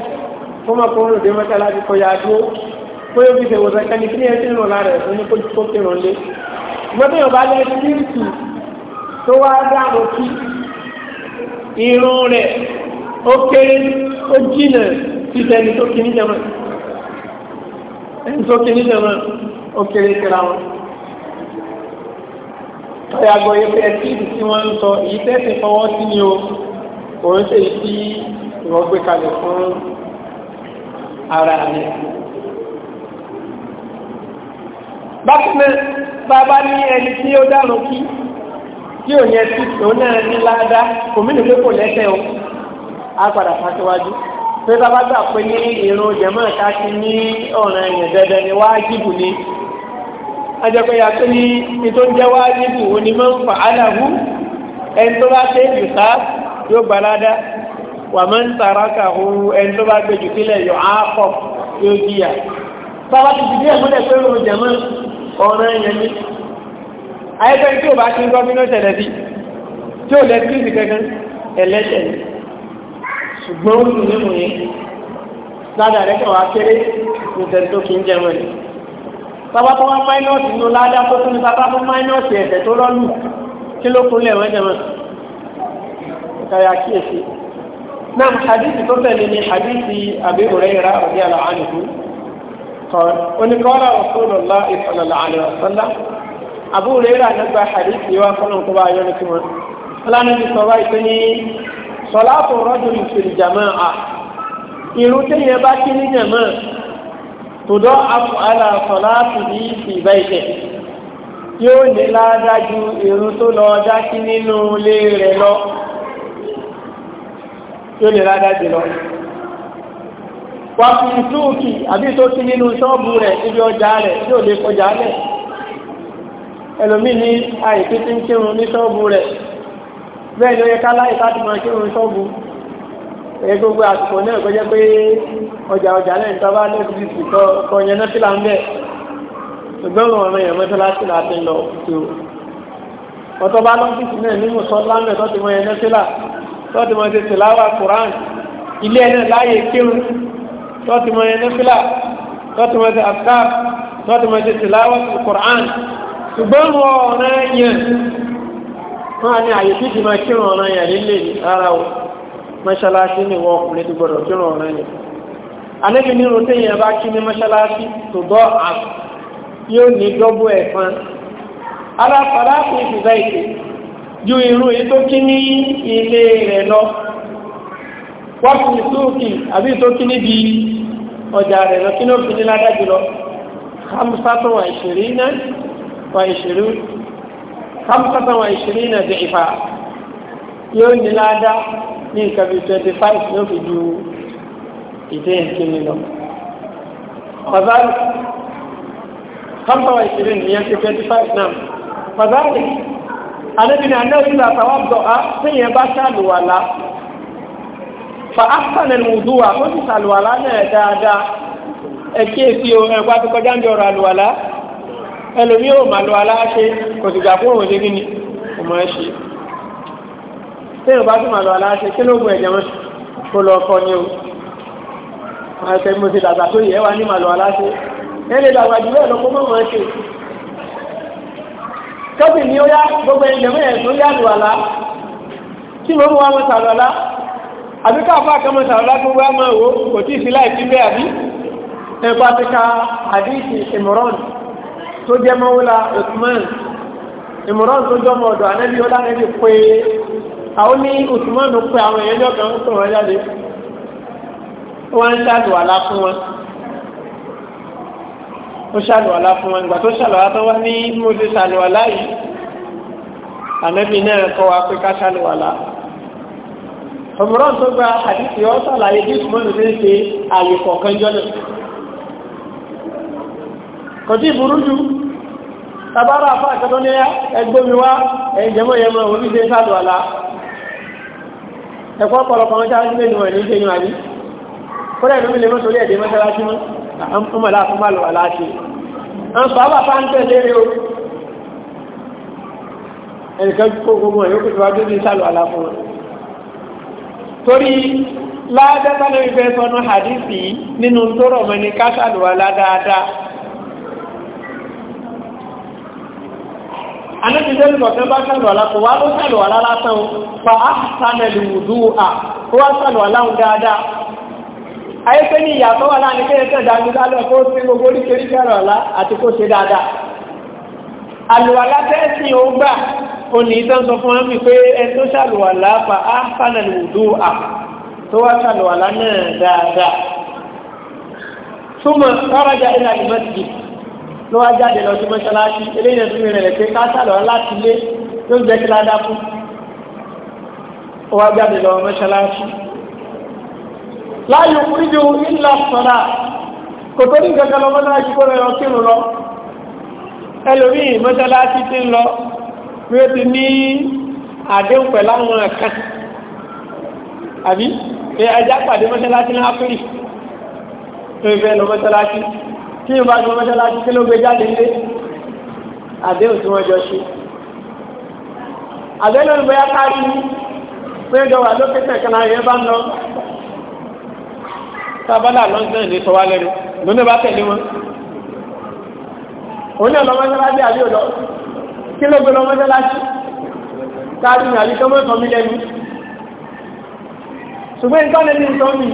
fọ́mọkùnrin òde mọ́tàlá ti kọjá dúró bóyá ó fi ṣe wòsàn kan ní kí ni ẹ ti ń lọ lára ẹ̀ fún ní kó tó kírun lé gbọ́dọ̀ yóò bá lẹ́ síríìtì tó wá dáàbò kí irun rẹ̀ ó kéré ó jìnà títẹ ẹni tó kiri jẹmọ́ ẹni tó kiri jẹmọ́ ó kéré kíra wọn. ọ̀yàgbọ̀ yẹn fẹ́ kí ìdí tí wọ́n ń sọ èyí tẹ́sí fọwọ́ sí ni o òun ṣe tí wọ́n gbé kalẹ̀ fún ara rẹ̀ bákanáà bàbá ní ẹni tí ó dárùn kí tí ò yẹ sí òun náà ní ládàá kò mí nílé kò lẹ́sẹ̀ o á padà fàṣíwájú pé bàbá gbà pé ní ìrun jẹ̀mọ́ ìta ti ní ọ̀ràn ẹ̀yẹ̀ dandan ni wájìbù ni ajẹ́pẹ́ ya pé ní tó ń jẹ́ wájìbù onímọ̀ ń fà á dàbú ẹni tó bá ṣe é jù sáà yóò gbalada wà máa ń tara ka òun ẹni tó bá gbẹjù sílẹ̀ yọ àákọ̀ yóò jìyà. bàbá ti dìde ẹ̀mọ́lẹ̀ pé òun jẹ̀mọ́ ọ̀ràn yẹn ni. ayẹ́pẹ́ tí o bá ti ń gbọ́ bí ló ṣẹlẹ̀ tí o lẹ kírísì kankan ẹlẹ́ṣẹ̀ ni. ṣùgbọ́n ó dùn nínú yẹn ládàá rẹ̀ kẹwàá kéré ní tẹ̀sítọ́ kì í jẹun rẹ̀. bàbá tó wá máínọ́ọ̀sì ní ládàá tó tún ní bàbá tó máínọ́ọ̀sì ẹ̀sẹ̀ tó lọ́lù kí ló kún lẹ̀ wọ́n jẹun kaya kíyèsí náà hadithi tó tẹ̀lé ni hadithi Abi Hurairah radiyallahu anhu kan oníkọ́lá Rasulullah sallallahu alaihi wasallam Abu Hurairah nígbà hadithi wa fọlọ́n kó bá yọ ní tiwọn fúlàní ti sọ báyìí pé ní salatu rajul fil jama'a irun téèyàn bá kí ní jàmáà tòdọ́ àpò àlà salatu yìí fi báyìí yóò ní ládájú irun tó lọ dá nínú ilé rẹ̀ lọ yóò lè rádá jùlọ wà fi túùkì àbí tó ti nínú ṣọ́ọ̀bù rẹ̀ ibi ọjà rẹ̀ yóò lè kọjá lẹ̀ ẹlòmí ní àìsí tí ń kírun ní ṣọ́ọ̀bù rẹ̀ bẹ́ẹ̀ ló yẹ ká láì láti kírun ṣọ́ọ̀bù ẹ gbogbo àsìkò náà jẹ́ pé ọjà ọjà náà níta bá sí sí kọ yẹn náà ń bẹ̀ ọmọ tọ́tí mọ́ ṣe tìláwà Quran ilé ẹ̀nà láàyè kírun tọ́tí mọ́ ẹ̀nà fílà tọ́tí mọ́ ṣe afkar tọ́tí mọ́ ṣe tìláwà Quran ṣùgbọ́n wọ́n ọ̀nà yẹn wọ́n á ní àyè títí máa kírun ọ̀nà yẹn nílé ara o mọ́ṣáláṣí ni wọ́n ọkùnrin ti gbọ́dọ̀ kírun ọ̀nà yẹn alẹ́bí nínú téèyàn bá kí ní mọ́ṣáláṣí tó bọ́ àpò yóò ní dọ́bù ẹ̀fọn aláfàdá fún ìfìbẹ́ ìfẹ́ ju irú èyí tó kí ní ilé rẹ̀ lọ wọ́pù sóòkì àbí tó kí níbi ọjà rẹ̀ lọ kí ní òfin ní ládájú lọ hamsatu wa ishirina wa ishiru hamsatu wa ishirina di ifa yóò ní ládá ní nǹkan bíi twenty ló fi ju ìdí ìkíni lọ ọ̀dà hamsatu wa ishirina àdébìnrin anáwí làtàwà bọ̀á ah, tíyẹn bá ṣàlùwàlá fa áfàlẹ̀ mùdúwà ó sì ṣàlùwàlá náà dáadáa ẹ̀kí èsì ohun ẹ̀kọ́ àti kọjá ń jọ ọ̀rọ̀ àlùwàlá ẹlòmí ò mà lùwàlá ṣe kò sì gbà fún òun ṣe kíni kò ṣe tíyẹn bá sì mà lùwàlá ṣe kí ló gun ẹ̀jẹ̀ mọ́ kó lọ kọ ni o àwọn ẹ̀fẹ̀ mo ti dàgbà tó yẹ wá ní mà lùwàlá ṣe ẹ lè dàgbà jù bẹ́ẹ̀ lọ kó mọ̀ mọ̀ ẹ́ ṣe tọ́sí ní ó yá gbogbo ẹ̀jẹ̀ mẹ́rin tó yá lù àlá kí ló mú wa mọ́ sàrọ̀ àlá àbí káfà kan mọ́ sàrọ̀ àlá gbogbo àmọ́ ìwò kò tí ì sí láì fi bẹ́ẹ̀ àbí ẹ̀kọ́ àti ka àdíṣì ìmọ̀ràn tó jẹ́ mọ́wúlà Usman ìmọ̀ràn tó jọmọ ọ̀dọ̀ ànẹ́bí ó lánẹ́bí pé àwọn ní Usman pé àwọn èèyàn jọ kan tó rọ jáde wọ́n ń ṣàdùn àlá fún ó ṣàlùwàlá fún wọn ìgbà tó ṣàlùwàlá tó wá ní mo ti ṣàlùwàlá yìí ànábì náà kọ́ wa pé ká ṣàlùwàlá ọmọràn tó gba àdìsí ọ sàlàyé bí ìsúmọ́nù ṣe ń ṣe àyè kọ̀ọ̀kan jọ́nà kò tí burú jù tabara afa àkàtọ́ ní ẹgbómi wá ẹ̀jẹ̀mọ́ yẹmọ́ oníṣẹ́ ṣàlùwàlá ẹ̀kọ́ ọ̀pọ̀lọpọ̀ wọn ṣáájú lẹ́nu ẹ̀ ní ṣe àbí kó ọmọlá àtúmọ̀lù aláṣẹ àwọn sọ́ọ́bà bá ń tẹ̀lé rí o ẹnìkan kó gbogbo ẹ̀yọ́ kò tó wájú ní sálọ aláfún wọn torí ládẹ́ta lórí fẹ́ sọnù hadisi nínú tó rọ̀ mọ́ ní kásálù aládáadáa anẹ́tìdẹ́lù kọ̀ọ̀kan bá sálù aláfún wa ló sálù alálátàn fa á sálẹ̀lù wùdú à ó wá sálù aláhùn dáadáa ayé pé ní ìyàtọ̀ wà láàrin kéde tẹ̀ dájú lálẹ́ kó sí gbogbo oríṣiríṣi ọ̀rọ̀ ọ̀la àti kó ṣe dáadáa àlùwàlá tẹ́sí ó gbà òní ìtàn fún pé tó ṣàlùwàlá fa á fànà lùdú à tó wá ṣàlùwàlá náà dáadáa súnmọ́ rárájà ilà ìmọ̀tì ló wá jáde lọ sí mọ́ṣáláṣí eléyìí rẹ̀ ká ṣàlùwàlá láti lé ló ń jẹ́ kí ládàá fún ó wá jáde lọ mọ́ṣáláṣí láàyè òkúrìjì ìlà sọ̀dà kò tó ní kankan lọ mọ́tàlá ti kó lọ kírun lọ ẹlòmíì mọ́tàlá ti ti ń lọ bí ó ti ní àdéhùn pẹ̀lú àwọn kan àbí ẹja pàdé mọ́tàlá ti ní áfírì tó ìfẹ́ lọ mọ́tàlá ti tí ìbá gbọ́ mọ́tàlá ti kí ló gbé jáde nílé àdéhùn tí wọ́n jọ ṣe àdéhùn lónìí bóyá káàkiri pé ìjọba lókè tẹ̀kẹ́ náà yẹn bá ń lọ tábàlà lọ́nà ní sọ wá lẹ́nu lónìí bá tẹ̀lé wọn. òun náà lọ mọ́sálásí àbí òlọ kí ló gbé lọ mọ́sálásí káàdì ní àbí tọ́mọ́ ìtọ́ mi lẹ́nu. ṣùgbọ́n nǹkan lè ní ìtọ́ mi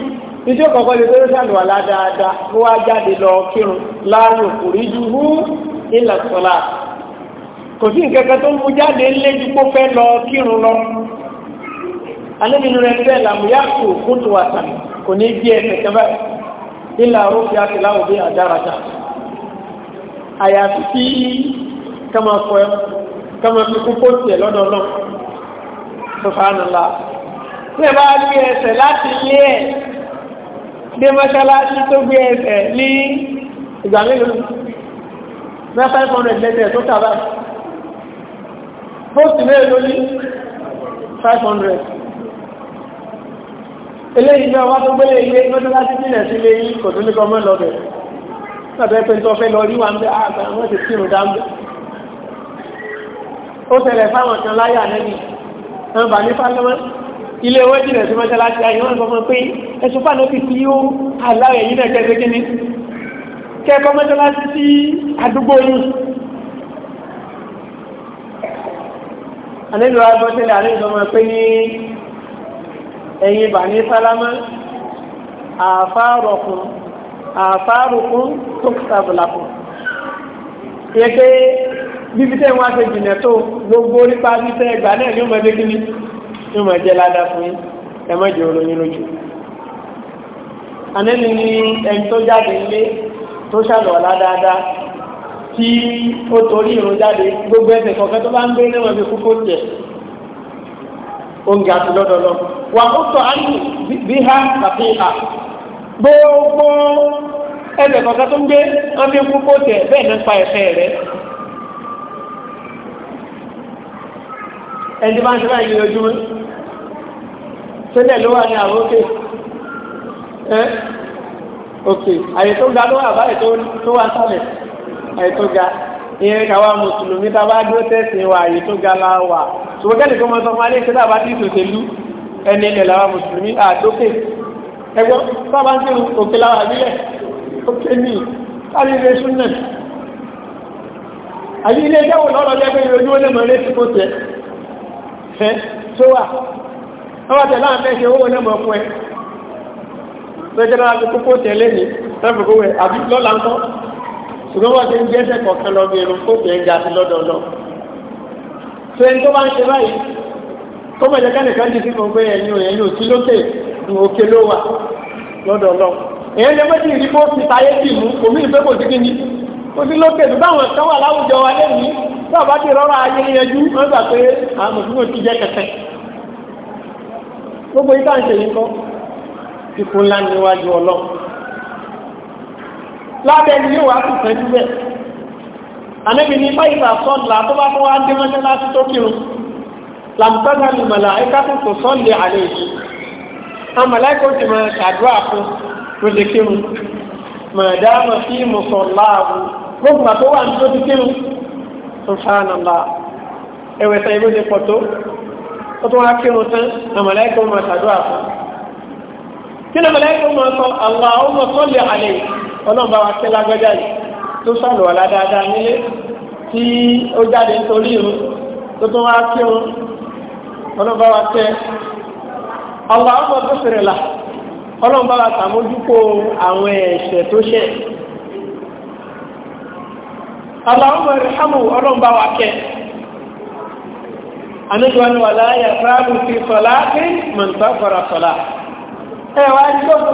ìdí òkọ̀kọ́ lè tó sàlùwà ládáadáa kó wá jáde lọ kírun láàrin òkùnrin ju hú ìlà sọ́lá kò ní bí ẹ kẹ̀kẹ́ báyìí ilà arúgbó àti láwùjọ àdáradà àyàfi tí kama kọ ẹ kama fi kú pósì ẹ lọ́dọ̀ náà sọfàánàlá tí ẹ bá gbé ẹsẹ̀ láti lé ẹ dé mọ́ṣáláṣí tó gbé ẹsẹ̀ ní ìgbà mélòó ní five hundred lẹ́sẹ̀ tó kà báyìí mélòó ní five hundred eléyìí náà wá tó gbélé ilé lọ́dún láti sílẹ̀ sílé yìí kò tó ní kọ́ mọ́ lọ́bẹ̀ lọ́bẹ̀ pé tó fẹ́ lọ rí wa ń bẹ́ àgbà wọ́n ti kírun dá ń bẹ́ ó tẹ̀lẹ̀ fáwọn kan láyà nẹ́bí wọn bà ní fáwọn ilé owó jìnà sí mọ́ṣáláṣí ayé wọn kọ́kọ́ pé ẹ̀sùn fáwọn òbí tí ó aláwẹ̀ yìí náà kẹ́sẹ́ kíní kẹ́kọ́ mọ́ṣáláṣí sí àdúgbò yìí àlejò àgbọ̀tẹ̀lẹ̀ àlejò ọmọ pé ẹ̀yin bàní sálámà àfárọ̀kùn àfárùkùn tó sàbùlàkùn yẹ pé bíbí tẹ́ wọ́n á ṣe jìnà tó gbogbo nípa bíbẹ́ ẹgbà náà ní ọmọ ẹgbẹ́ kí ni ní ọmọ ẹjẹ́ ládàá fún yín ẹ má jẹ́ olóyún lójú anẹ́ni ni ẹni tó jáde ilé tó ṣàlọ́ọ̀lá dáadáa tí ó torí ìrún jáde gbogbo ẹsẹ̀ kọ̀ọ̀kan tó bá ń gbé náà wọ́n fi kúkó tiẹ̀ oúnjẹ àti lọ́dọọlọ wà ó sọ àyè bí ha tàbí ha gbogbo ẹnì kankan tó ń gbé wọn fi ń kú kóòtù ẹ bẹ́ẹ̀ nípa ẹ̀fẹ́ rẹ ẹni bá ń ṣe báyìí lójúmọ́ sílẹ̀ ló wà ní àwọn òkè ẹ́ òkè àyè tó ga ló wà báyìí tó wà sálẹ̀ àyè tó ga ìyẹn káwa mùsùlùmí tá a bá dúró tẹ̀sìn wa àyè tó ga la wà ṣùgbọ́n kẹ́lẹ̀ tó máa sọ fún alẹ́ ìṣẹ́lá bá ti ṣòṣèlú ẹni ilẹ̀ làwọn mùsùlùmí àdókè ẹgbọ́n sábà ń tẹ̀rù òkè láwà abílẹ̀ òkè ní kárí ilé súnà àyí ilé ẹjẹ́ wò lọ́rọ̀ jẹ́ pé ojú ó lè mọ̀ létí kó tẹ̀ ẹ́ tó wà ọwọ́ tẹ̀ láwọn fẹ́ ṣe owó lè mọ̀ fún ẹ lọ́jọ́ náà fi kókó tẹ̀ lẹ́ni lọ́fẹ̀ kówẹ̀ àbí lọ́la ń kọ́ ṣùgbọ́n wọ́n ti ń jẹ́ tó ẹni tó bá ń ṣe báyìí tó mọ̀jẹ̀ kẹ́nìkan jù sí kan pé ẹ̀yin ò ẹ̀yin lókè ló wà lọ́dọ̀ lọ. èyí ni méjì rí bó ti tayé sí mú omi ìfẹ́ kò sí kí ni kò sí lókè tó báwọn kan wà láwùjọ wa lẹ́yìn tó àbá ti rọra ayé yanjú wọ́n gbà pé àwọn mùsùlùmí ti jẹ́ kẹ̀kẹ́. gbogbo yìí táà ń ṣe yìí kọ́ ìfúnlá níwájú ọlọ́run lábẹ́ ni yóò wá kù sẹ́jú anábì ní fáìlà sọ́ọ̀lá tó bá fún wa dé mọ́ṣáláṣí tó kírun làmùtọ́gà ní mọ̀lá ẹ̀ka tó kò sọ́ọ̀lì àlẹ́ yìí àmàlà ẹ̀kọ́ ti máa ṣàdúrà fún tó lè kírun mọ̀dáàmà sí mùsọ̀láàbù gbogbo àtó wà ní tó ti kírun sùfàànàlá ẹ̀wẹ̀sẹ̀ ìlú ti pọ̀ tó ó tó wá kírun tán àmàlà ẹ̀kọ́ máa ṣàdúrà fún kí ni àmàlà ẹ̀kọ́ máa sọ àwọn ọmọ sọ́ọ̀lì àlẹ́ yìí ọlọ́run bá wa kí lágbájá yìí tó sọ̀rọ̀ ọ̀la dáadáa nílé tí ó jáde nítorí ohun tó tún wá kí irun ọlọ́ba wa tẹ ọba ọmọ tó fèrè là ọlọ́ba wa sàmójúkó àwọn ẹ̀ṣẹ̀ tó ṣẹ̀ ọba ọmọ wa láyà sọ̀lá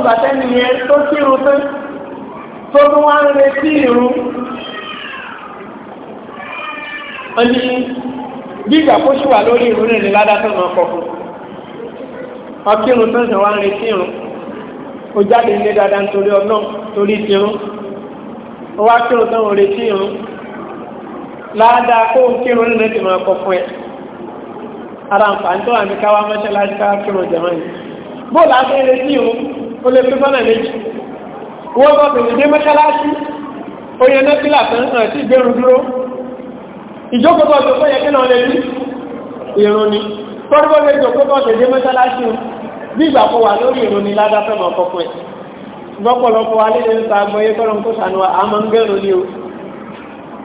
sọ̀lá tó kírun fún. tó tún wá ń retí ìrún wọ́n ní bí ìgbà kó ṣì wà lórí ìrún rẹ̀ ní ládàtọ̀ náà kọ̀ọ̀kan ọkírun tó ń sọ wá ń retí ìrún ó jáde ilé dáadáa nítorí ọ̀nà torí ìtirún ó wá kírun tó ń retí ìrún ládàá kó ń kírun nínú ti máa kọ̀ fún ẹ ara nǹkan tó àmì káwá mọ́ṣáláṣí káwá kírun jẹ̀mọ́ yìí bóòlù àti ìrètí ìrún ó lè fi fọ́nà méjì wọ́n bá bẹ̀rẹ̀ dé mọ́ṣáláṣí oyè nẹ́tílà tán àti ìgbẹ̀rún dúró ìjókòtò ọjọ́kọ́ yẹ kí náà lè rí ìrún ni tọ́rọ̀bọ́ lè jọkótò ọjọ́ dé mọ́ṣáláṣí bí ìgbà kó wà lórí ìrún ni ládàfẹ́ mọ́ kọ́kọ́ ẹ̀ gbọ́pọ̀lọpọ̀ alẹ́lẹ́ nípa agbọ́yé kọ́lọ̀ kó sànú àmọ́ ń gbẹ̀rún ni o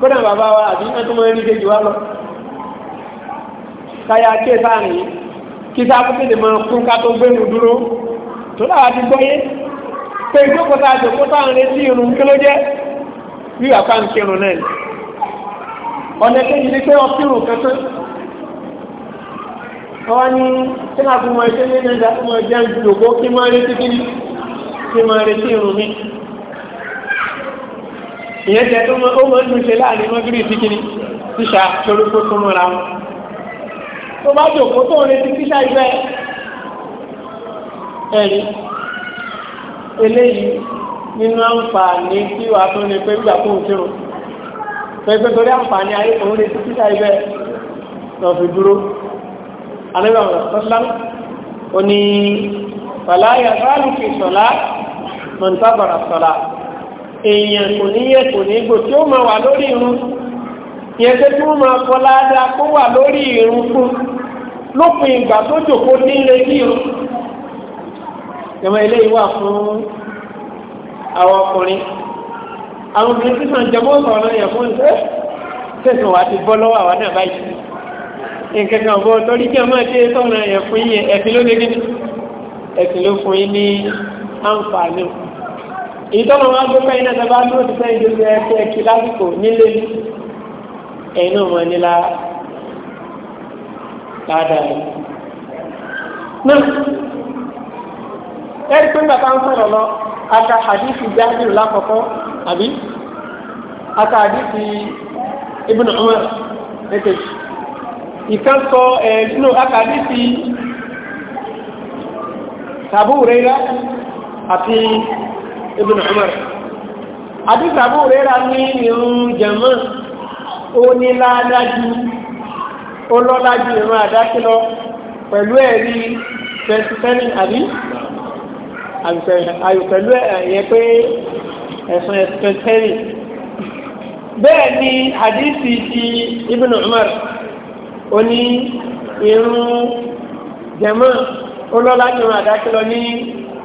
kódà bàbá wa àbí wọ́n tó mọ́ rí kejì wá lọ káyà ké pé ìjókòtà àjòkòtà ń retí irun kí ló jẹ́ bí wàá ń kírun náà ni ọ̀nà kejì ni pé ọkírun kankan wọ́n ní tí wọ́n fi mọ ẹsẹ̀ ní ẹ̀dá tó mọ ẹjẹ́ ìjòkó kí máa retí kí ni kí máa retí irun mi ìyẹn tẹ tó mọ ó mọ ń ṣe láàrin mọ́gírì sí kí ni tíṣà torókó tó mọ́ra wọn tó bá jòkó tó ń retí tíṣà ìfẹ́ ẹ̀rí eléyìí nínú àǹfààní tí wàá tó ní pé gbígbà kó ń tẹ̀rù pẹ̀lú torí àǹfààní ayé òun lè ti títà ibẹ̀ lọ fi dúró alẹ́gbà ọ̀rọ̀ sọ́sílám ó ní fàláyà sáàlùkì sọ̀lá mọ̀ntàbàrà sọ̀lá èèyàn kò ní yẹ kò ní gbò tí ó máa wà lórí irun yẹn tẹ́ tí máa kọ́ ládàá kó wà lórí irun fún lópin ìgbà tó jòkó ní ilé irun jọmọ eléyìí wà fún àwọn ọkùnrin àwọn obìnrin tí sàn jọmọ ọ̀rọ̀ yẹn fún ṣe tẹsán wa ti bọ́ lọ́wọ́ àwa náà báyìí nǹkan kan bọ́ torí jọmọ tí sọ̀rọ̀ yẹn fún yín ẹ̀sìn ló dédé ẹ̀sìn ló fún yín ní àǹfààní ìtọ́nà wọn gbé pẹ́yìn náà tẹ́lá tó ti sẹ́yìn tó ti ẹ̀kẹ́ ẹ̀kí lásìkò nílé ní ẹ̀yìn náà mọ̀ nílá ládàá náà ẹ̀rí pé bàbá ń sọ̀rọ̀ lọ aka hadithi jábìrì lákọ̀ọ́kọ́ àbí aka hadithi ibn umar èkejì ìkan sọ ẹ̀ nínú aka hadithi Abu Huraira àti ibn umar àdìsí Abu Huraira ní irun jẹ̀mọ́ ó ní ládájú ó lọ́lájú irun àdákí lọ pẹ̀lú ẹ̀rí twenty seven àbí ayò pẹ̀lú ẹ̀yẹ pé ẹ̀sùn ẹ̀sùn tẹ́rì bẹ́ẹ̀ ni hadisi ti Ibn Umar ó ní irun jẹ̀mọ́ olóla ní irun àdákìlọ ní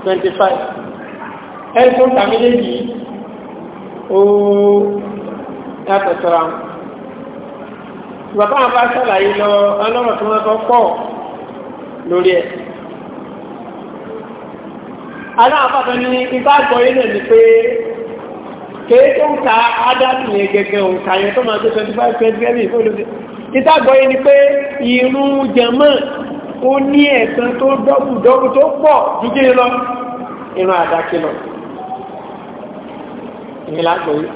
25 ẹ̀sùn tàmílẹ́yìí ó yàtọ̀ sọ́ra wọn bàbá àbá sàlàyé lọ ọlọ́rọ̀ tí wọ́n kọ́ pọ̀ lórí ẹ̀ aláàpapọ̀ ní ibá ni pé kéé tó ń ka ádámù yẹn gẹ́gẹ́ òǹkà yẹn tó máa tó 25 pẹ́sìgẹ́mì ìfọ́lódé ibá gbọ́yé ni pé irun jẹ̀mọ́ ó ní ẹ̀sán tó dọ́bù dọ́bù tó pọ̀ jíjẹ́ lọ irun àdákí lọ ìyẹn lágbọ́yé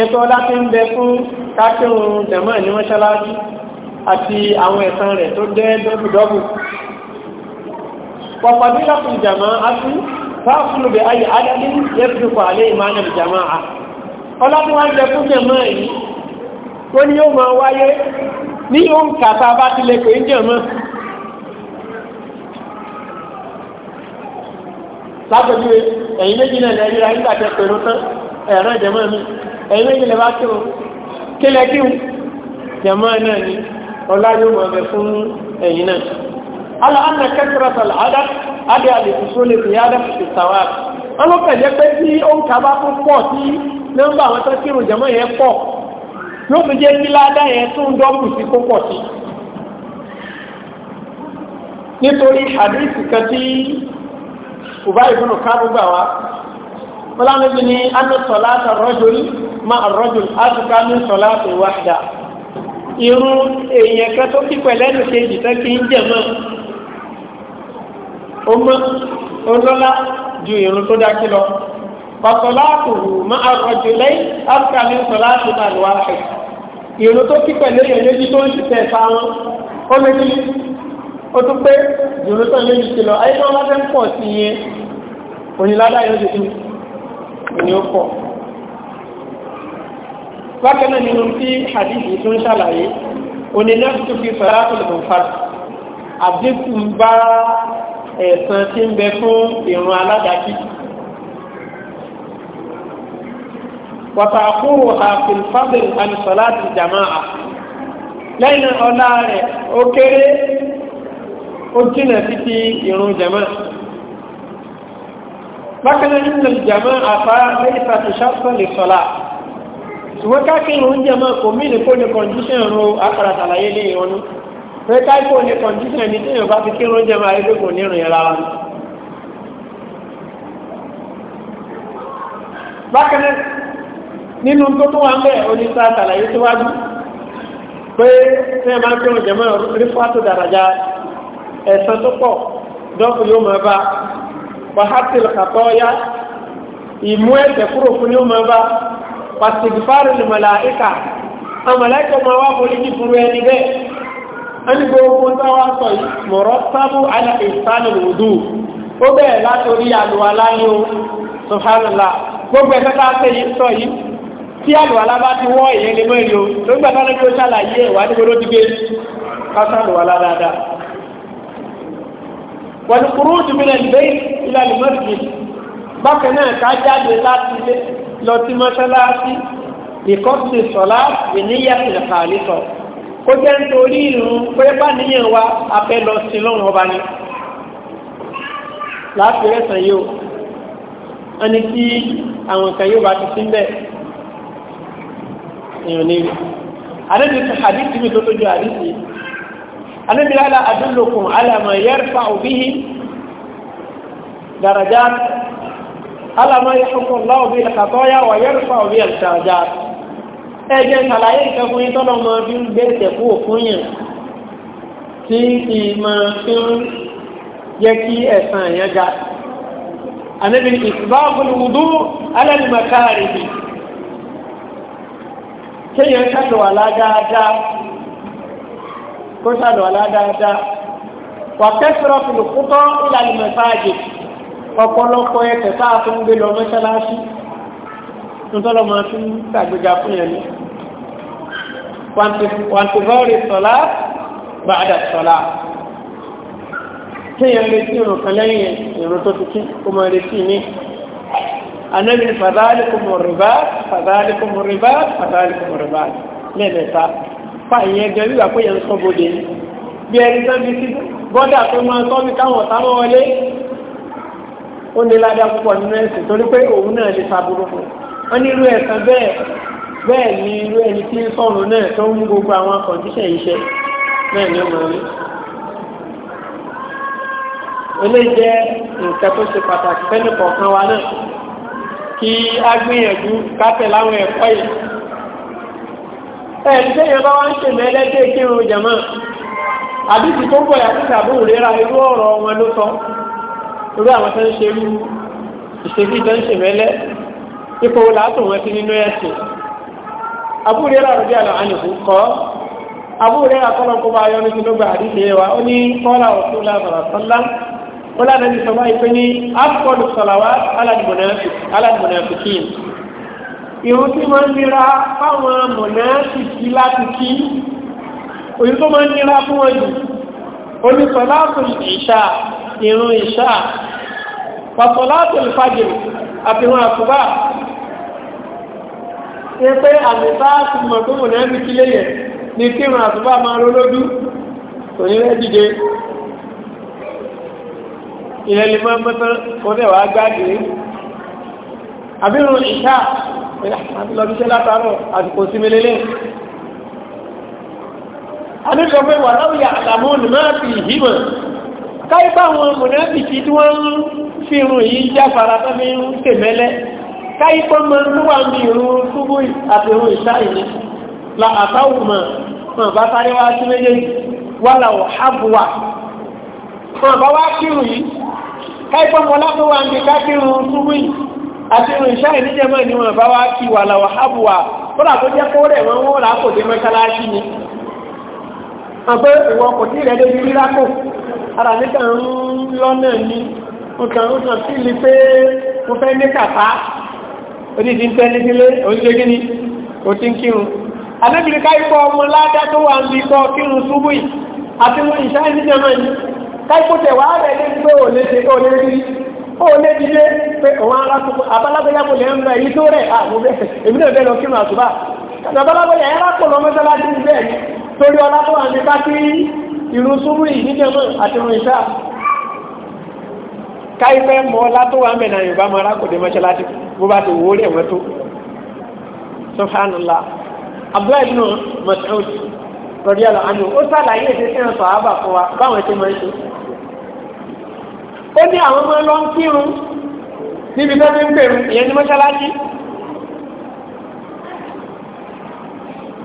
ètò ọlá tí ń bẹ fún kákírun jẹ̀mọ́ ní mọ́ṣáláṣí àti àwọn ẹ̀san rẹ̀ tó jẹ́ dọ́bùdọ́bù pọ̀pọ̀dúnlọ́pùn jẹ̀mọ́ á sí fáfúlù bẹ ayé adádé yẹ́pùpọ̀ alẹ́ ìmánàlì jẹ̀mọ́ à ọlá tí wọ́n jẹ fún jẹ̀mọ́ yìí ó ní yóò máa wáyé ẹ̀yìn méjì náà lẹ́yìn ayé àti ẹ̀pẹ̀rún tán ẹ̀rọ ìjẹ̀mọ́ mi ẹ̀yin méjì lè bá kí o kí lẹ kí o jẹ̀mọ́ náà ni ọlá yóò mọ̀ ọbẹ̀ fún ẹ̀yin náà. ala anna kẹsìrẹ́ sọ̀lá adá adé alè fi sólè fi adá fi sàwà. ọlọ́pẹ̀lẹ́ pé tí ó ń kaba tó pọ̀ sí nọ́mbà àwọn tó kírun jẹ̀mọ́ yẹn pọ̀ yóò fi jẹ́ kí ládá yẹn tún dọ́kù sí kó pọ̀ sí. nítorí àdéhìsì kan tí Ubay ibn Ka'b gbà wá fọláńdébi ní ánú sọlá àtàrọ́jòlì má àrọ́jòlì àtúkà ní sọlá àtúwáṣà irú èèyàn kan tó kí pẹ̀lẹ́ ní kejì tán kí ń jẹ̀ mọ́ ó mọ́ ó lọ́lá ju irun tó dákí lọ fọsọláàtùrù má àrọ́jòlì àtúkà ní sọlá àtúwáṣà irun tó kí pẹ̀lẹ́ èèyàn méjì tó ń ṣiṣẹ́ ẹ̀fà wọn ó méjì ó tún pé jùlọ tó ń ti lọ ayé tó ń bá fẹ́ pọ̀ sí iye òyìnlá dáyọ̀ tuntun ni ó pọ̀ bákan náà nínú tí hadithi tó ń ṣàlàyé oníná tó fi sọ̀rọ̀ àtọ̀lọ̀mọ̀ fàdí àdínkù ń bá ẹ̀sán tí ń bẹ fún ìrun aládàájí wàtàkùrù àfìlfàdì àlùsọ̀láti jàmáà lẹ́yìn ọlá rẹ̀ ó kéré ó jìnà títí ìrun jàmáà bákan náà nínú ìjàmọ́ àfá mẹ́ta tó ṣàtọ̀ lè sọ́lá ṣùgbọ́n káàkiri oúnjẹ máa kò mí nìkó ní kọ̀ǹdíṣàn ro àkàrà tàlàyé lé ìrọ́nú pé káàkiri ní kọ̀ǹdíṣàn ní téèyàn bá fi kí oúnjẹ máa rí lóko nírun yẹn rárá ni. bákan náà nínú tó tó wà ń bẹ̀ oníṣà tàlàyé síwájú pé tẹ́ẹ̀ máa kí oúnjẹ máa rí fọ́tò dàrájà ẹ̀sán tó pọ̀ dọ́kù yóò máa bá wàhásìlì kàtọ́yá ìmú ẹ̀ṣẹ̀ kúrò fún ní ọmọ bá pàṣípàrọ̀ ìmọ̀lá ìkà àmàlẹ́kọ̀ọ́ máa wá foríjì fúru ẹni bẹ́ẹ̀ ẹni gbogbo táwa sọ mọ̀rọ̀ sábú àlà ìsánì lòdù ó bẹ̀rẹ̀ látòrí àlùwàlá ni ó sọ̀hánàlá gbogbo ẹ̀ka tá a ṣe yìí sọ yìí tí àlùwàlá o lórí bàbá lórí ó ṣàlàyé ẹ̀wà níbo ló ti gbé kásán àlùwàlá dáadáa. wọ́n ilá lè mọ́sí bákan náà ká jáde láti ilé lọ sí mọ́ṣáláṣí ìkọ́sí sọ̀lá ìníyà ìlẹ̀kà àlítọ̀ ó jẹ́ nítorí ìrùn pé bá níyàn wa afẹ́ lọ sí lọ́rùn ọba ni láti rẹ̀sàn yóò ẹni tí àwọn kan yóò bá ti sí bẹ́ẹ̀ èèyàn ní àdébí àdísí mi tó tójú àdísí àdébí lálá adúlòkùn alàmọ̀ yẹ́rfà òbíhìn درجات على ما يحكم الله به الخطايا ويرفع به الدرجات ẹjẹ́ ìsàlàyé ìkẹfún yí tọ́lọ mọ́ bí ń gbé ìtẹ̀kú òfún yẹn tí ìmọ̀ fi ń jẹ́ kí ẹ̀sàn yẹn ga àníbi ìsìbáàbùn wùdú alẹ́lùmọ̀káàrì bì kéèyàn ṣàlùwà ládáadáa kó ṣàlùwà ládáadáa wà kẹsìrọ̀ fìlùkútọ́ ìlànà mẹ́fàájì ọ̀pọ̀lọpọ̀ ẹ̀kẹ́ táà tó ń gbé lọ mọ́ṣáláṣí nítọ́lọ́ máa tún tàgbéga fún yẹn ní wàntìfọ́ọ̀rì sọ̀lá bàdà sọ̀lá tí yẹn retí ìrùn kan lẹ́yìn ìrùn tó ti kí kó máa retí ní anábì fàdáàlìkùmù rìbá fàdáàlìkùmù rìbá fàdáàlìkùmù rìbá lẹ́ẹ̀mẹ́ta fàyẹn gẹ wíwà pé yẹn ń sọ bóde bí ẹni tán fi sí bọ́dà tó máa sọ́ mi káwọn ọ̀tá mọ́ wọlé ó ní ládàá púpọ̀ nínú ẹ̀sìn torí pé òun náà lè sàbúrò fún wọn ní irú ẹ̀sán bẹ́ẹ̀ bẹ́ẹ̀ ni irú ẹni tí ń sọ̀rọ̀ náà tó ń mú gbogbo àwọn kọ̀ǹdíṣẹ̀ iṣẹ́ náà ní ọmọ rí ó lè jẹ́ nǹkan tó ṣe pàtàkì fẹ́ni kọ̀ọ̀kan wa náà kí á gbìyànjú kátẹ̀ láwọn ẹ̀kọ́ yìí ẹ̀ẹ́dì tẹ́yìn bá wá ń ṣe mẹ́lẹ́dẹ́ kírun jàmáà àbí ti tó bọ̀ irú àwọn tó ń ṣe irú ìṣèlú tó ń ṣe mẹ́lẹ́ ipò wo làátò wọn sí nínú ẹ̀sìn abúlé rárá bí àlọ́ ànìkú kọ́ abúlé akọ́lọ́ kó bá yọ ní sinú gba àdíṣe wa ó ní kọ́lá òkú lábàrà sọ́lá ó lánàá ní sọ́mọ́ ìpé ní afọ́lù sọ̀làwá aládìmọ̀nàfikín ìrún tí wọ́n nira fáwọn mọ̀nàfikí láti kí òyìn tó máa nira fún wọn jù ìrun ìṣá pàtàkì ìfàjì àfihàn àkùbá ṣe pé àmìta ti mọ̀ tó mọ̀ náà ní kí lè yẹ ní kí ìrun àkùbá máa ró lójú kò ní rẹ́ dìde ilẹ̀ lè máa mọ́tọ́ kọ́dẹ̀ wá gbáàdì àbírùn ìṣá àti lọ́dúnṣẹ́ látàárọ̀ àsìkò sí melele a ní sọ pé wà láwùyà àtàmọ́ ní máa fi ìhìmọ̀ káyípa àwọn mùnáfìkì tí wọ́n ń fi irun yìí jáfara tó fi ń tèmẹ́lẹ́ káyípa ma ń wà ní irun túbú àtìrún ìṣá ìní la àtàwù mọ̀ mọ̀ bá sáré wá sí méjèèjì wà láwọ̀ hábùwà mọ̀ bá wá kírun yìí káyípa mọ̀ láti wà ní kákírun túbú àtìrún ìṣá ìní jẹ́mọ̀ ni wọ́n bá wá kí wà láwọ̀ hábùwà kó àbẹ́ ìwọ kò tí rẹ̀ débi rírá kò ara níta ń lọ́nà ní nǹkan ó sọ sí ilé pé mo fẹ́ ní kàfá onídìí ń tẹ́ nídílé onídìí ní kò tí ń kírun anábìrin káyípọ̀ ọmọ ládá tó wà ń bí kọ́ kírun súbú yìí àti mo ìṣá ìdíjẹ náà ìjọbalábọ̀yà ẹ̀rá pọ̀ lọ mọ́sálásí bẹ́ẹ̀ ni torí ọlá tó wà ní kákí ìrun súnmù ìdíjẹmọ́ àti ìrun ìṣá káìpẹ́ mọ́ ọlá tó wà mẹ́nà yorùbá mọ́ arákòdé mọ́sálásí bó bá ti wọlé ẹ̀wọ́n tó subhanallah abdullahi bin mas'ud radiyallahu anhu ó sàlàyé èdè sí ẹ̀sọ́ àbà fún wa báwọn ẹ̀ṣẹ̀ máa ń ṣe ó ní àwọn ọmọ lọ ń kírun níbi tó ti ń pèrú ìyẹn ní mọ́sálásí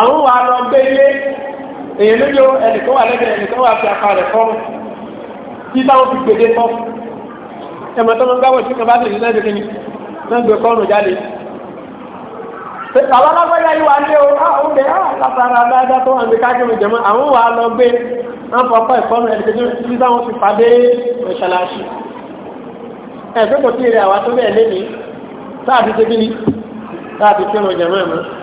àwọn wà lọ gbé ilé èyàn ló yọ ẹnìkan wà lẹ́gbẹ̀ẹ́ ẹnìkan wà fi apá rẹ̀ fọ́ọ̀mù tí táwọn fi gbèdé fọ́ ẹ̀mọ̀ tó máa ń gbáwọ̀ tí kan bá tẹ̀lé náà dẹ́kẹ́ni náà gbé kọ́ọ̀nù jáde. àwọn alágbáyà yìí wà lé o àwọn ah, ọ̀dẹ́ ah, látara dáadáa tó wà ní káàkiri jẹ̀mọ́ àwọn wà lọ gbé wọn fọ ọkọ̀ ìfọ́nù ẹ̀dẹ́gbẹ́jọ́ tí táwọn fi pàdé mọ̀ṣáláṣí ẹ̀ẹ́dẹ́gbẹ́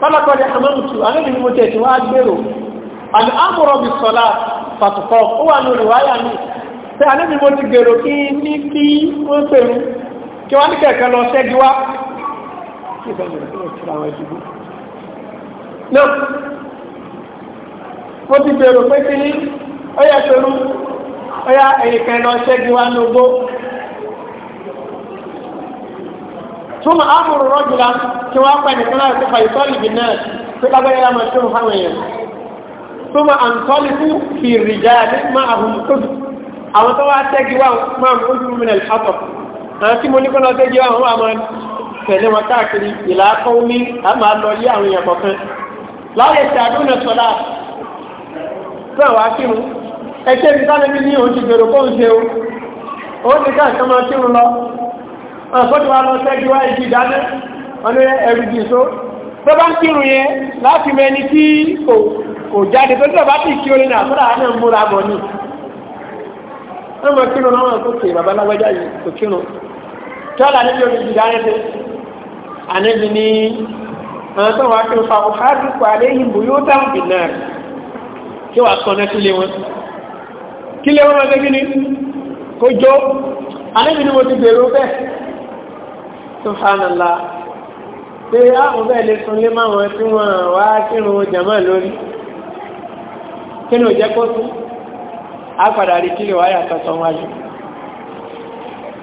fọlọ́kọ̀dé àmọ́mùtù àlẹ́bìnrin mo tẹ̀ tí wọ́n á gbèrò àmì àmúrọ̀ bí sọ́lá fàtùkọ́ ó wà ní olùwáyà mi tẹ́ àlẹ́bìnrin mo ti gbèrò kí ní kí wọ́n pèrú kí wọ́n ní kẹ̀kẹ́ lọ ṣẹ́gi túmọ̀ ámùrù rọ́jùlá kí wọ́n pẹ̀ nìkan láti ti fàyè sọ́ọ̀lì bì náà pé lágbẹ́rẹ́ yá máa ṣóhun fáwọn èèyàn túmọ̀ àǹtọ́lì fún fìrìjà ní máa àhùn tó àwọn tó wá tẹ́gi wá máa mú ojú mímìnà ìfàtọ̀ àwọn tí mo ní kọ́nà tẹ́gi wá wọ́n máa tẹ̀lé wọn káàkiri ìlà akọ́wọ́mí a máa lọ yí àwọn èèyàn kọ̀ọ̀kan láyé ti ẹ̀ṣẹ́ ti ní oúnjẹ kó ń ṣe o ó ti ká ọ̀sọ́dún wa lọ sẹ́jú wá ìdí ìdáná ọ̀nà ẹ̀rù jì so tó bá ń kírun yẹn láti mọ ẹni tí kò jáde tó tẹ̀ bá ti kí orin náà sọ́dà náà ń múra bọ̀ ni ọmọ kírun náà wọn sókè bàbá lágbájá yìí kò kírun tọ́lá níbi orin ìdí ìdáná ṣe subhanallah pé àwọn bẹ́ẹ̀ lè sunlé máwọn tí wọ́n wá kírun jàmá lórí kí ni ò jẹ́ kó sún á padà rí kílè wáyà tọ̀tọ̀ wájú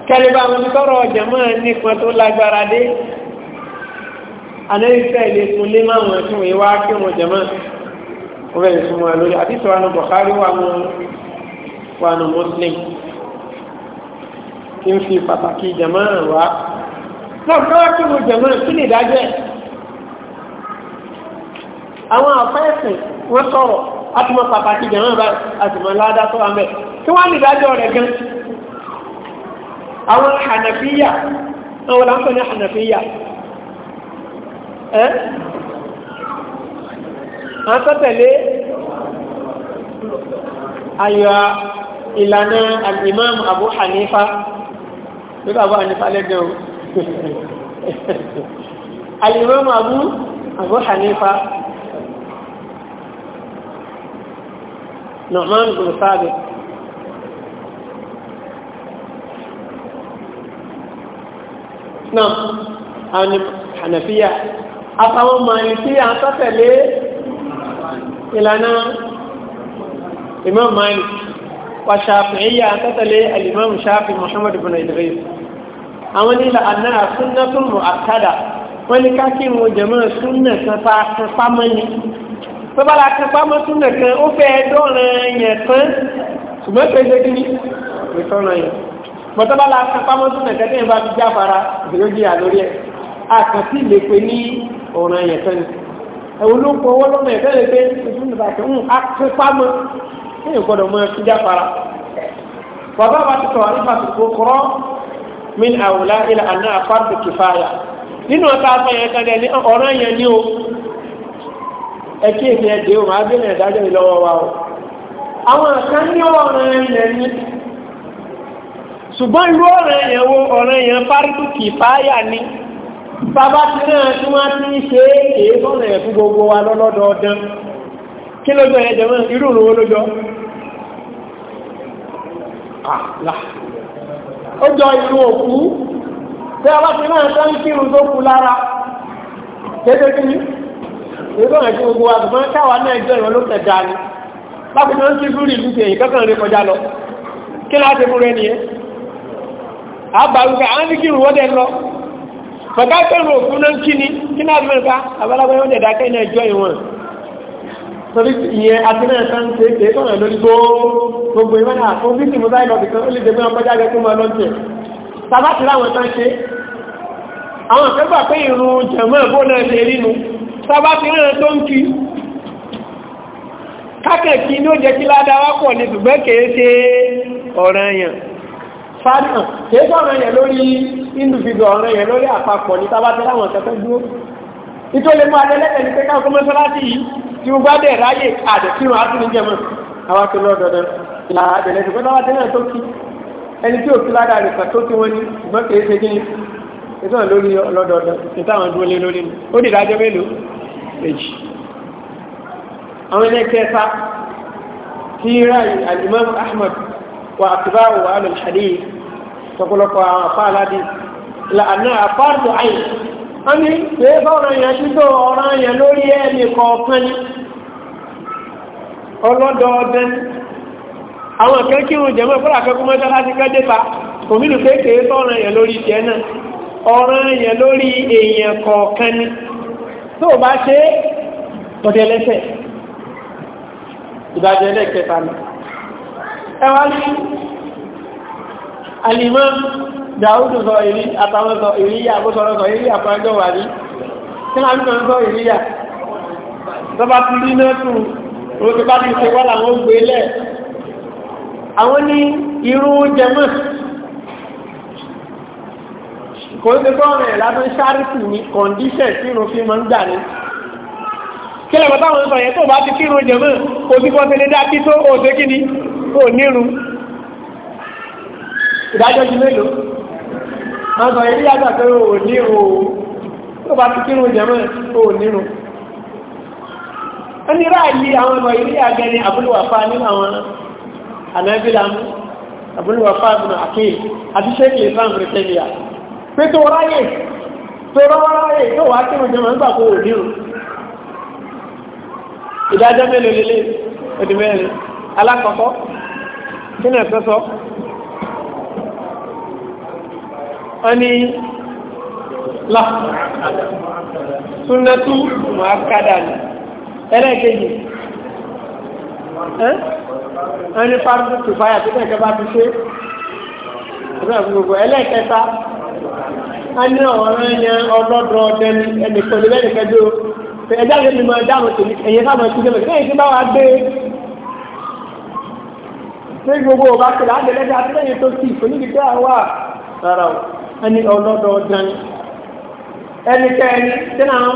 kẹlẹ́bà àwọn tọrọ jàmá nípa tó lágbára dé anẹ́ríkà ilé sunlé máwọn tí wọ́n wá kírun jàmá ó bẹ̀rẹ̀ sunmọ́ lórí àti sọ̀rọ̀ Bukhari wà mọ́ wà Muslim kí n fi pàtàkì jàmá wá náà kí mo jẹ̀mọ́ kí ni ìdájọ́ ẹ̀ àwọn àfẹ́sìn wọ́n sọ̀rọ̀ àtúmọ̀ pàtàkì jẹ̀mọ́ bá àtúmọ̀ ládá tó wà mẹ́ kí wọ́n ní ìdájọ́ rẹ̀ gan àwọn hànàfíyà àwọn làǹfẹ̀ ní hànàfíyà ẹ́ àwọn tó tẹ̀lé ayọ̀ ìlànà al-Imam Abu Hanifa nígbà Abu Hanifa lẹ́gbẹ̀ẹ́ الإمام أبو أبو حنيفة نعمان بن ثابت نعم أنا حنفية أقوى مالكية أنت لي إلى أنا إمام مالك وشافعية أنت لي الإمام الشافعي محمد بن إدريس àwọn nílà àná súnná tó mọ̀ àkádà wọ́n ní ká kí wọn jẹ̀mọ́ súnná kan pa kan pamọ́ ni tó bá la kan pamọ́ súnná kan ó fẹ́ dọ́ọ̀rẹ́ yẹn tán ṣùgbọ́n pé ṣe kí ni pé tọ́rọ yẹn mọ̀ tó bá la kan pamọ́ súnná kan tẹ́yìn bá fi jáfara ìgbèrèjìyà lórí ẹ̀ àkàtì lè pe ní ọ̀ràn yẹn tán ni ẹ̀wọ̀n ló ń pọ̀ ọwọ́ lọ́mọ ẹ̀fẹ́ lè pé ìṣúná bàtẹ́ ń apẹ́ min àwùlá ilà àná àfáàdù kìfáyà nínú ọ̀tá afẹ́yẹ de ni oran ya n'i o ẹ kí de o máa bí ẹ̀ dájọ́ ìlọ́wọ́ wa o àwọn kan o ọ̀rọ̀ yẹn ní ṣùgbọ́n irú ọ̀rọ̀ yẹn wo ọ̀rọ̀ yẹn fáàdù kìfáyà ni bàbá ti náà tí wọ́n ti ń ṣe èé sọ̀rọ̀ ẹ̀ gbogbo wa lọ́lọ́dọọdán kí irú òun ó jọ irun òkú tí a bá ti náà tó ń kírun tó kú lára kéde kí ni èdè ọ̀nà tí gbogbo wa ṣùgbọ́n káwa náà jọ ìwọ ló tẹ̀dá ni láti náà ń kí fúrì ìlú tèyí kankan rẹ kọjá lọ kí láti mú rẹ nìyẹn àbàrúkà á ní kírun wọ́n dẹ̀ lọ bàbá kẹrù òkú náà kí ni kí náà mẹ́ta àbálábáyé wọ́n tẹ̀dá kẹ́ torí ìyẹn abúlé ẹ̀ka ń ṣe kéé sọ̀rọ̀ lórí gbogbo ìwé náà fún bí tìmú báyìí lọ́bì kan ó lè dé mẹ́wàá kọjá rẹ̀ fún ọlọ́n tẹ̀. sábàtì láwọn ẹ̀ka ń ṣe àwọn akẹ́gbà pé ìrun jẹ̀mọ́ ẹ̀bọ́ náà ṣe rí nu sábàtì náà tó ń kí kákẹ́kí ní ó jẹ́ kí ládàá wá pọ̀ ní ṣùgbẹ́ kéé ṣe ọ̀ràn yàn fánà kéé sọ̀rọ̀ yẹn lórí individual ọ̀ràn yẹn lórí àpapọ̀ ní sábàtì láwọn ẹ̀ka tí mo bá dẹ̀ ráyè àdẹ̀ tí mo á tún ní jẹ̀mọ́ àwọn tó lọ́ọ́ dọ̀dọ̀ ìlà àdẹ̀lẹ̀ tó gbọ́dọ̀ wá tẹ́lẹ̀ tó kí ẹni tí òkú ládàá rẹ̀ kà tó tí wọ́n ní ṣùgbọ́n kì í ṣe kíni ètò àwọn lórí ọlọ́dọọdọ ètò àwọn dúró lé lórí ni ó dìde ajọ́ mélòó méjì. àwọn ẹni kẹta tí ráyè alimam ahmad wa àtibá wa alùpàdé tọpọlọpọ àwọn afáàládì là àná àfáàlù onu ní pé bọ́ọ̀rọ̀ yẹn títò ọ̀rọ̀ yẹn lórí ẹni kọ̀ọ̀kan ní ọlọ́dọọdẹ àwọn kan jẹ́mọ́ fúnra kẹ́kọ́ mọ́tọ́ láti kẹ́dẹ́ta òmìnir pé kèé yẹn lórí tiẹ̀ náà ọ̀rọ̀ yẹn lórí èèyàn kọ̀ọ̀kan ní tó bá dàúdù sọ ìrí àtàwọn sọ ìríyà àgbósọ̀rọ̀ sọ ìríyà fọ́jọ́ wà ní kí náà ní sọ ìríyà tọba ti rí náà tún oṣù bá ti ṣe wá làwọn gbé lẹ̀ àwọn ní irú oúnjẹ mọ̀ kò ní gbọ́n rẹ̀ lábẹ́ sáríkì ní kọ̀ǹdíṣẹ̀ tí irun fi máa ń gbà ní kí lẹ́gbẹ̀ẹ́ táwọn sọ yẹn tó bá ti kírun jẹ̀ mọ́ ti lè dá kí tó òṣèkí ni ò nírun ìdájọ́ ju mélòó ọ̀sán ilé yàgbà pé o ní o tó bá ti kírun jẹ́mọ́ o nírun ẹni ráàyí àwọn ọmọ ilé yàgbẹ́ ni àbúlùwàfà nínú àwọn ànábìlámú àbúlùwàfà nínú àkè àti ṣéèkì islam rìtẹ́lìyà pé tó ráyè tó ráyè tó wà kírun jẹ́mọ́ o nírun ìdájọ́ mélòó lélẹ̀ òdìmẹ́rin alákọ̀ọ́kọ́ kí ni ẹ̀sọ́ ani la sunatu muakada ni ẹlẹ́kejì Ani fardu kìfáyà tó kẹ̀kẹ́ bá fi ṣe ẹgbẹ́ gbogbo ẹlẹ́kẹta ani ọ̀rọ̀ ẹ̀yẹ ọlọ́dọ̀ ọdẹni ẹni pẹ̀lú ẹni kẹjọ ẹjá yẹn mi máa dáhùn tèmi ẹ̀yẹ sábà ti dẹ́mẹ̀ ẹ̀yẹ ti bá wa dé ṣé gbogbo ọba kẹlẹ́ àgbẹ̀lẹ́dẹ́ àti lẹ́yìn tó ti ìfòyín kíkẹ́ àwa rárá o. ẹni ọlọ́dọọdún ẹni tí là ń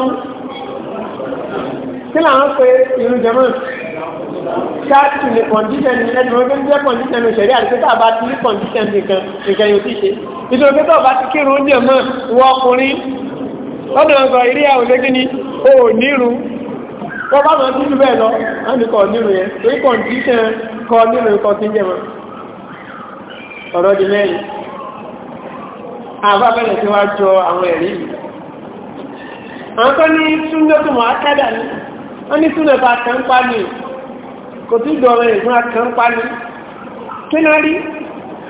tí là ń pe irun jẹmọ ṣáàtì ní kọ̀ǹdíṣẹ̀n ẹni wọ́n jẹ́ kọ̀ǹdíṣẹ̀n ní òṣèré àti bá ti ní kọ̀ǹdíṣẹ̀n nìkan nìkan yóò ti ṣe nítorí pé tó bá ti kírun oúnjẹ mọ́ wọ ọkùnrin lọ́dọ̀ ọgọ̀ ìrí kọ nírun àbá bẹ̀rẹ̀ tí wá jọ àwọn ẹ̀rí yìí àwọn tó ní súnjọ́ tó mọ̀ ákádà ní wọ́n ní súnjọ́ tó àkànpá ní kò tí dọ̀rọ̀ ìgbọ́n àkànpá ní kí náà rí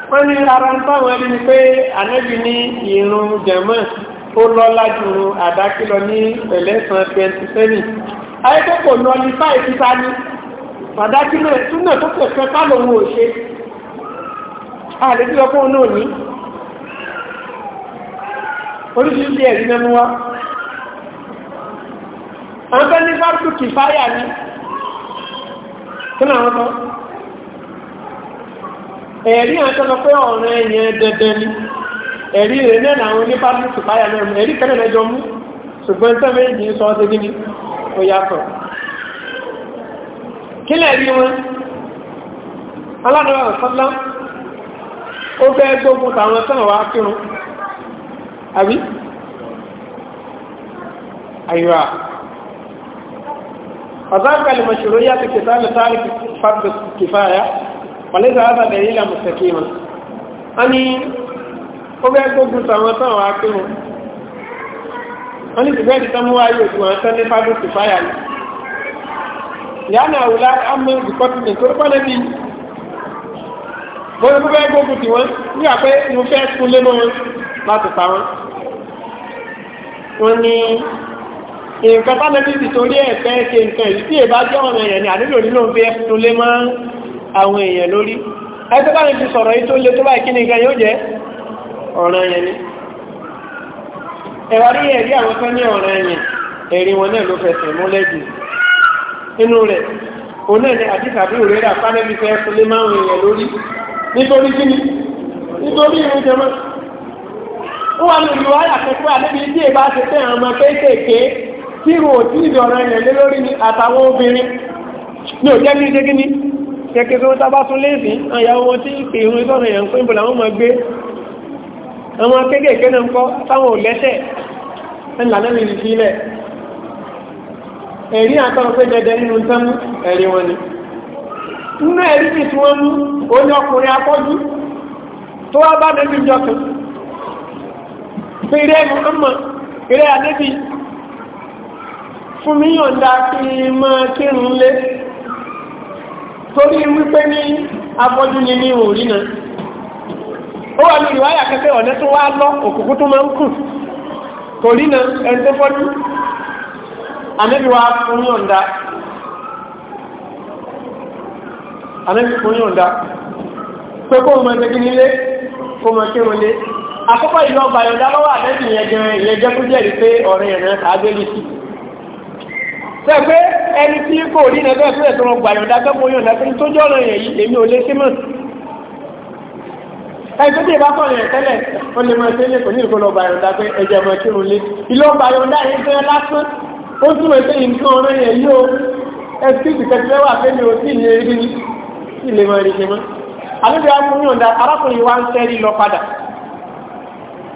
wọ́n ní ara ń táwọn ẹni ni pé ànábì ní ìrun jẹ̀mọ́ ó lọ́lá ju àdákìlọ ní ẹ̀lẹ́sàn twenty seven ayẹ́kọ̀ọ́ lọ ní fáì títà ní àdákìlọ súnjọ́ tó pẹ̀sẹ̀ ká oríṣiríṣi ẹ̀rí mẹ́mú wá àwọn tó ní fábùkù kì fáyà ní kí náà wọ́n ẹ̀rí àwọn tó lọ pé ọ̀rọ̀ ẹ̀yẹn dẹ̀dẹ̀ ni ẹ̀rí rẹ̀ náà àwọn ní fábùkù kì fáyà mẹ́mú ẹ̀rí kẹ́lẹ̀ lẹ́jọ mú ṣùgbọ́n tó méjì sọ ọ́ sí ní ó yàtọ̀ kí lẹ́rí wọn aládọ́wà sọ́lá ó fẹ́ gbógun tàwọn sọ́nà wá àbí àyíwá فذاك المشروعية في كتاب تارك فرض الكفاية وليس هذا دليلا مستقيما أني أبي أقول سامة وأكلم أني تبعد تموى يوتوا أنت فرض الكفاية لأن أولاد أمن بقتل القربان دي bóyá tó bá gbógun tí wọ́n ní àpẹ́ mo fẹ́ kú lé mọ́ wọn láti pa wọn wọ́n ní nǹkan bá lẹ́bí ti torí ẹ̀fẹ́ ṣe nǹkan yìí tí èbá jẹ́ ọ̀nà èèyàn ní àdúgbò nílò ń fi ẹ́ tó lé mọ́ àwọn èèyàn lórí ẹgbẹ́ bá ti sọ̀rọ̀ yìí tó lé tó báyìí kí ni nǹkan yóò jẹ́ ọ̀ràn èèyàn ni ẹ̀wà rí ẹ̀rí àwọn fẹ́ ní ọ̀ràn èèyàn ẹ̀rí wọn náà ló fẹsẹ̀ múlẹ̀ jù nínú rẹ̀ òun náà ni àti tàbí òrérà pálẹ́bí fẹ́ tó lé mọ́ àwọn èèyàn lórí nítorí kí ni nítorí ìrújẹmọ́ ó wà lórí wáyà pẹ́pẹ́ àdébí tí èbá ti fẹ́ àwọn ọmọ kéékèèké tí ìrò òtí ìdọ̀rọ̀ ilẹ̀ lé lórí ni àtàwọn obìnrin ní òjẹ́ ní ṣe kíní kẹ́kẹ́ tó tábá tún léèsì àyàwó wọn tí ìpè irun ìtọ́nà èèyàn pé ìbòlà wọn máa gbé àwọn kéékèèké náà ń kọ́ táwọn ò lẹ́sẹ̀ ńlá náà nìyí sílẹ̀ ẹ̀rí àtọ́rọ̀ pé dẹ́dẹ́ nínú tẹ́mú ẹ̀rí wọn ni nínú ẹ̀rí tí wọ́n mú ó ní ọkùnrin akọ́jú tó pé eré mọ́mọ́ eré adébí fún mi yọ̀ǹda kí n mọ́ kírun lé torí wípé ní afọ́jú ni mi ò rí ó wà ní ìwáyà kẹ́kẹ́ ọ̀nẹ́ tó wá lọ òkùnkú tó máa ń kù torí náà ẹni fọ́jú ànẹ́bí wa fún yọ̀ǹda pé kó o máa kí nílé kó o máa kírun àkọ́kọ́ ìlú ọgbà yọ̀dá lọ́wọ́ àtẹ́sì yẹn jẹ́ ìyẹn jẹ́ kó jẹ́rìí pé ọ̀rẹ́ rẹ̀ àgbélé sí. sọ pé ẹni tí kò rí nà bẹ́ẹ̀ fúnẹ̀ tó wọn gbà yọ̀dá tó mọ yọ̀dá tó tó jọ́ ọ̀rọ̀ yẹn yìí èmi ò lé sí mọ̀. ẹni tó dé bá kọ̀ yẹn tẹ́lẹ̀ ó lè mọ ẹsẹ̀ kò ní ìkó lọ gbà yọ̀dá pé ẹjẹ̀ mọ̀ kí lè ìlú ọgbà yọ̀dá yẹn fẹ́ lásán ó túmọ̀ pé nǹkan ọ̀rọ̀ yẹn yìí ó ẹsẹ̀ ìtẹ̀tẹ̀ wà pé mi ò tí ì lè rí ni tí ì lè mọ̀ rí ṣe mọ́. àlejò amúnyọ̀dá arákùnrin wa ń tẹ́rí lọ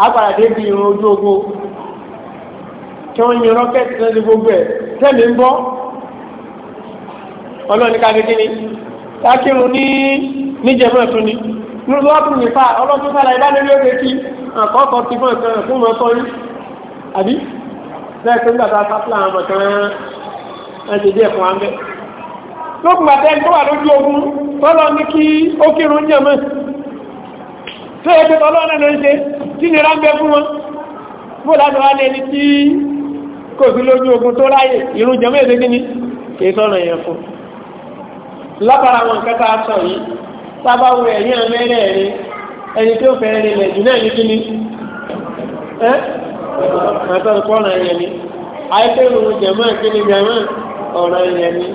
agbára débi ìrìn ojú ogun tí wọ́n yin rọ́kẹ́tì náà ní gbogbo ẹ̀ tẹ́lẹ̀ ń bọ́ ọlọ́ọ̀ni káàkiri ni káàkiri ní níjẹ̀mọ́ ẹ̀tún ni nílùú ọ̀tún nípa ọlọ́tún sára ìdánilé oge kí àkọ́kọ́ ti fún ẹ̀kan fún ọkọ yìí àbí bẹ́ẹ̀ tó ń gbàgbà sáfìlà àwọn ọmọ kan ẹ̀ ṣe díẹ̀ fún wa ń bẹ́ẹ̀ lókùnbàtẹ́ tó wà lójú ogun tọ́lọ́ ní kí ó kírun jẹ̀mọ́ tó ẹgbẹ́ tọ́lọ́nà ló ń ṣe kí ni ránbẹ́ fún wọn bó láti wá lé ní tí kò sí lójú ogun tó ráyè ìrun jẹ́mọ́ èdè gíní kìí sọ̀nà yẹn fún látara wọn kẹta sọ yìí sábà wo ẹ̀yìn àmẹ́rẹ́ ẹ̀rin ẹni tó fẹ́ rin lẹ̀ jù náà ní kíní ẹ́ àtọ́nù kọ́ ọ̀nà yẹn ni àìpé ìrun jẹ́mọ́ kíní jẹ́mọ́ ọ̀nà yẹn ni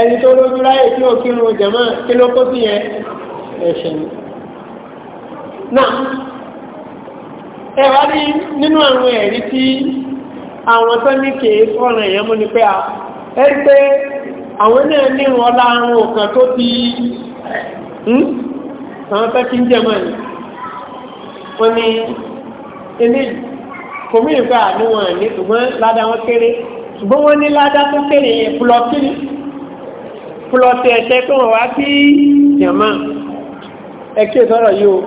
ẹni tó lójú ráyè tí ò kírun jẹ́mọ́ kí ló kó sí yẹn ẹ̀ṣẹ̀ náà ẹ̀rọ rí nínú àwọn ẹ̀rí tí àwọn tó ní kèé fọ́nà èèyàn mú ni pé a ẹ̀rí pé àwọn náà ní wọn láàrùn òkàn tó ti hmm? àwọn tó ti ń jẹ mọ́ ni wọ́n ní ilé kòmíìfà níwọ̀n ní ṣùgbọ́n ládàá wọn kéré ṣùgbọ́n wọ́n ní ládàá tó kéré yẹn pulọ́tìrì pulọ́tì ẹ̀ṣẹ́ tó wọ́n wá sí jẹ̀mọ́ ẹ̀ kí o sọ̀rọ̀ yìí o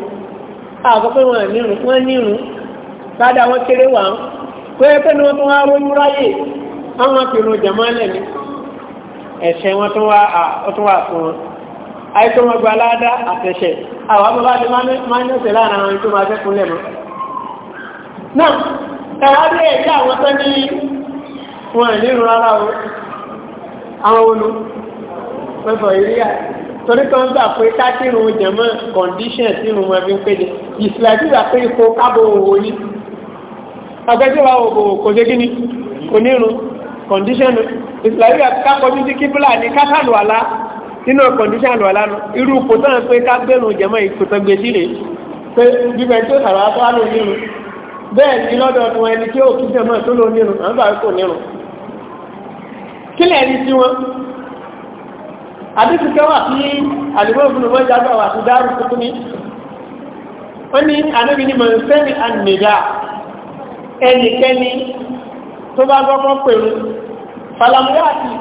àkọ́ pé wọ́n nírun wọ́n nírun bádá wọ́n kéré wà ń pé pé ní wọ́n tún wá ronú ráyè àwọn apèrún jàmọ́ lẹ́ni ẹ̀ṣẹ̀ wọn tún wà fún wọn àìkọ́ wọn gba aládá àtẹ̀ṣẹ̀ àwọn abọ́bá ti máa ń yọ̀sẹ̀ láàrin àwọn tó máa fẹ́ kúnlẹ̀ mọ́ náà ẹ̀rọ bí ẹ̀jẹ̀ àwọn tó ní wọn nírun rárá o àwọn olú pẹ̀fọ̀ ìríyà torí kan gbà pé kákìrún jẹ̀mọ́ kọ̀ǹdíṣẹ̀ tí irun wọn fi ń péde ìsìláìsì gbà pé ipò kábò òwò ni ọgbẹ́sẹ̀wà òwò kò ṣe kí ni kò ní irun kọ̀ǹdíṣẹ̀nù ìsìláìsì gbà kákọjú sí kíbílà ní kásàlù àlá nínú kọ̀ǹdíṣẹ̀nù àlá nu irú ipò tó ń pé kágbẹ́rún jẹ̀mọ́ ipò tó gbé sílẹ̀ pé bíbẹ̀ tó sàrọ̀ àtọ́ àlò nírun bẹ́ẹ̀ ni lọ́dọ̀ tún ẹni tí ó kí jẹ̀mọ́ tó lò nírun àwọn àdéhùn kẹwàá sí àdìgbò ìfúnnúwọ́ ìjágbà wà sí dáàrù tuntun ni ó ní àdébì ní mọ̀ sẹ́ni àmìdá ẹnikẹ́ni tó bá gbọ́kọ́ pẹ̀lú falamuwaati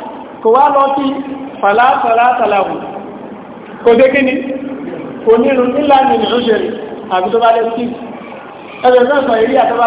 kò wá lọ sí falasalatalahu kò dé kí ni onírun nílá ní ìrúṣẹ̀rẹ̀ àbí tó bá lẹ́ sí ẹgbẹ̀rún náà sọ ìrí àtọ́bá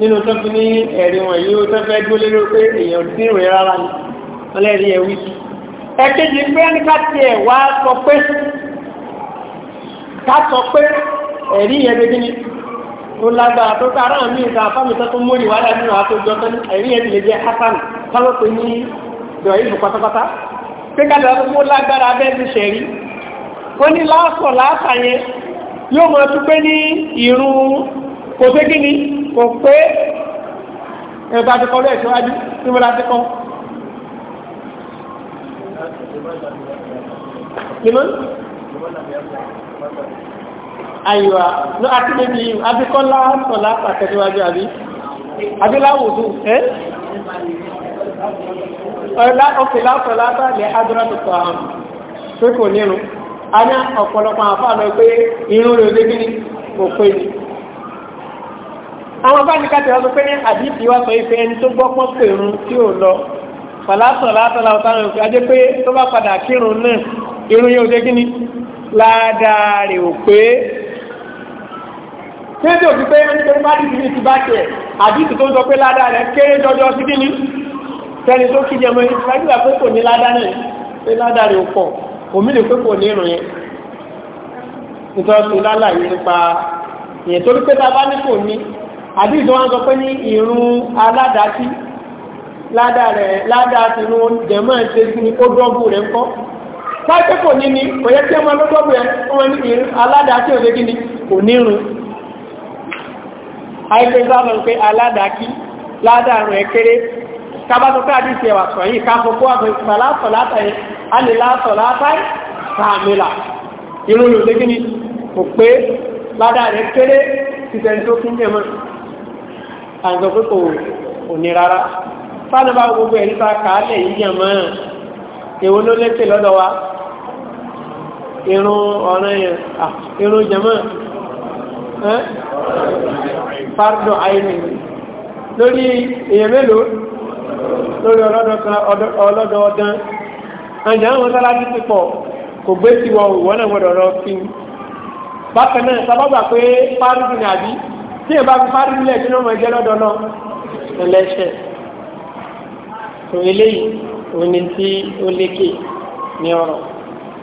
nínú tó fi ní ẹ̀rí wọn yóò tó fẹ́ dúró lérò pé èèyàn sí ìròyìn rárá ni wọ́n lẹ́rí ẹ̀ wí. ẹ̀kejì pé ní ká tiẹ̀ wá sọ pé ká sọ pé ẹ̀rí yẹn bí kíni ó lágbára tó ká aráàlú mi ìta afámi tó tún mórí wàhálà nínú àtòjọ tó ní ẹ̀rí yẹn ti lè jẹ́ hasan káwọ́ pé ní dọ̀ ìlú pátápátá pé ká lọ́ọ́ mú lágbára bẹ́ẹ̀ ti ṣẹ̀rí ó ní láàsọ̀ láàsà yẹn yóò mọ̀ ọ́ pé ní ìrún kò pé kí ni kò pé ẹ̀bá ti kọ́ lẹ́ẹ̀ síwájú tí wọ́n láti kọ́. Limon? Ayiwa, ní àti bèbí yìí, Abíkọ́lá sọ̀lá pàtẹ́síwájú àbí? Abíláwùdù, ẹ́? Ọ̀lá ọ̀fẹ́ lásọ̀lá bá lẹ́ Adúrà tó sọ àrùn, pé kò nírun. A ní ọ̀pọ̀lọpọ̀ àfáà lọ pé irun rẹ̀ lé kí ni kò pé ni àwọn bá ní káàtì wọn sọ pé ní àdìsí wa sọ ife ẹni tó gbọ́ pọ́n pèrún tí ò lọ fàlásàn látọ̀lá ọ̀tàrà òkè ajé pé tó bá padà kírun náà irun yóò dé kíní ládàá rè ò pé kéde òfin pé ẹni tó bá dìbò ti bá tẹ̀ àdìsí tó ń sọ pé ládàá rẹ̀ kéré jọjọ sí kíní tẹni tó kí jẹmọ ìfúnájúwà pé kò ní ládàá náà pé ládàá rè ò pọ̀ òmí lè pé kò ní irun yẹn nítorí tó lálàyé nípa ìyẹn torí pé tá a bá ní kò ní àbí ìtọ́ wọn sọ pé ní ìrún aládàásí ládàá ti rún jẹ̀mọ́ ṣe sí ni ó dọ́gbù rẹ̀ ń kọ́ sáyẹ́ kò ní ni kò yẹ kí ọmọ ló dọ́gbù rẹ̀ wọ́n ní ìrún aládàásí òde kí ni kò ní rún àìpé sábà pé aládàákí ládàá rẹ̀ kéré kábàtọ́ káàdì ti ẹ̀wà sọ̀yìn káfọ́kọ́ àfẹ́sìmọ̀ látọ̀ látàrí alẹ́ látàrí sàmìlà ìrún olùdókínì kò pé ládàá rẹ̀ kéré ti tẹ̀ ní tó àjọ pé kò ní rárá fáànà bá gbogbo ẹ̀rí ta kàálẹ̀ yíyà máa èwo ló lékè lọ́dọ̀ wa irun ọ̀ràn yẹn irun jẹ̀mọ́ fardọ̀ àìní lórí èyàn mélòó lórí ọlọ́dọ̀ ọdán àjẹ́ àwọn sálájú ti pọ̀ kò gbé sí wọ ìwọ́n náà gbọ́dọ̀ rọ fíìmù bákan náà sábàgbà pé fáàrùn ní àbí tí èèyàn bá fi fárí nílẹ̀ tí wọ́n mọ̀ jẹ́ lọ́dọ̀ náà ẹlẹ́ṣẹ̀ tó eléyìí òní tí ó lékè ní ọ̀rọ̀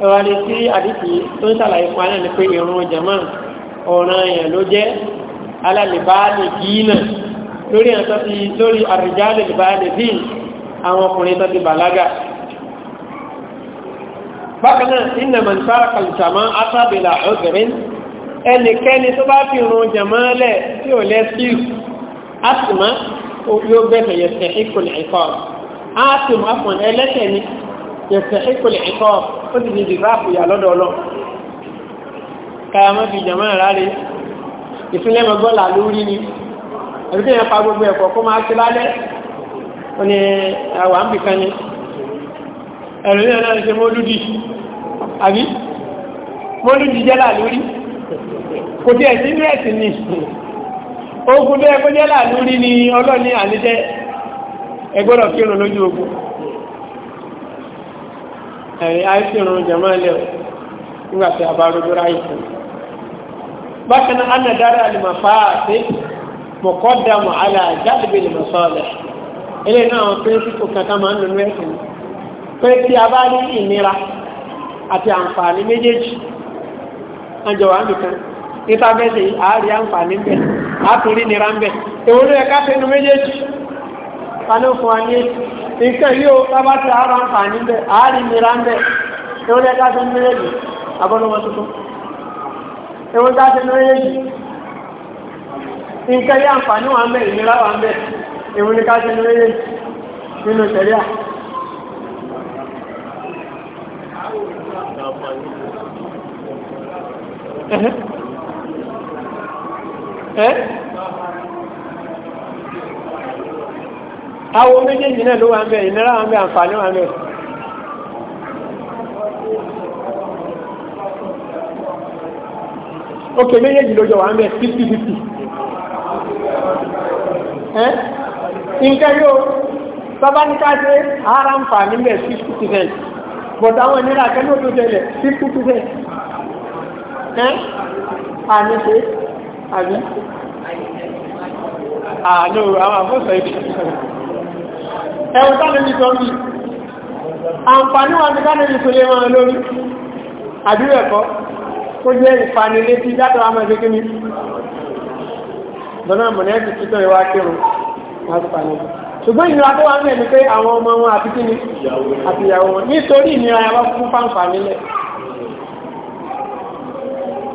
ẹwà ni tí àdìsí tó ń ṣàlàyé fún aná ni pé ìrun jàmá ọ̀ràn èèyàn ló jẹ́ alálèbáàlè gíínà lórí àwọn tó ti lórí àrìjáàlè lèbáàlè bíi àwọn ọkùnrin tó ti bàlágà bákan náà ìnàmọ̀ ìfárakàlùsàmọ́ átábìlà ọ̀gẹ̀rin ẹnikẹ́ni tó bá fi rún jẹ̀mọ́lẹ̀ tí ò lẹ́sí asìmá yóò bẹ̀rẹ̀ yẹ̀sẹ̀ ìkòlẹ̀ ẹ̀kọ́ asìmá fún ẹlẹ́sẹ̀ ni yẹ̀sẹ̀ ìkòlẹ̀ ẹ̀kọ́ ó ti di dìbáàpù yà lọ́dọ̀ ọlọ́ kàyàmọ́ ṣe mọ́lúdì àbí mọ́lúdì lórí kò tí ẹ̀sìn ní ẹ̀sìn ni ogun bẹ́ẹ̀ kó jẹ́ láàánú rí ni ọlọ́ni àníjẹ́ ẹgbọ́dọ̀ kírun lójú ogun ẹ̀yìn àìsírun jẹ̀mọ́ ilẹ̀ nígbà tí a bákan náà ana dára àlùmọ̀ fàáṣe mọ̀kọ́ wọn ma ọjọ wa nìkan níta bẹ́ẹ̀ ṣe àárí àǹfààní ń bẹ̀ àtúrí nira ń bẹ̀ èwo ló yẹ ká fẹ́ nu méjèèjì kaná fún wa ní èyí nǹkan yóò bábá ti àárọ̀ àǹfààní ń bẹ̀ àárí nira ń bẹ̀ èwo ló yẹ ká fẹ́ nu méjèèjì abọ́lọ́mọ tuntun èwo ká fẹ́ méjèèjì nǹkan yẹ àǹfààní wa ń bẹ̀ ìnira wa ń bẹ̀ èwo ló ká fẹ́ méjèèjì nínú ìṣẹ̀lẹ̀ àwọn eh? eh? méjèèjì náà ló wà ń bẹ ìnira wà ń bẹ àǹfààní wà ń bẹ. ok méjèèjì ló jọ wà ń bẹ fifty fifty. Eh? nǹkan yóò sábàníkà ara ń fà nílẹ̀ fifty percent bọ̀dọ̀ àwọn ìnira akẹ́lẹ́ òdòdó ẹ̀lẹ̀ fifty percent. ẹ́ àníṣe àbí àánú àwọn àfọ́sọ̀ ìdí ẹ̀wọ̀n tánàbí tó ń bí àǹfààní wọn ti tánàbí tó lé wọn lórí àdúrẹ̀kọ́ kó jẹ́ ìfanilé tí játọ̀ àmọ́ ìgbékí ní lọ́nà mọ̀lẹ́sì títọ̀ ìwà kírun láti pàlẹ́ ṣùgbọ́n ìnira tó wá pé àwọn ọmọ wọn àti kíni àti ìyàwó wọn nítorí ìnira yàwó fún fáǹfà nílẹ̀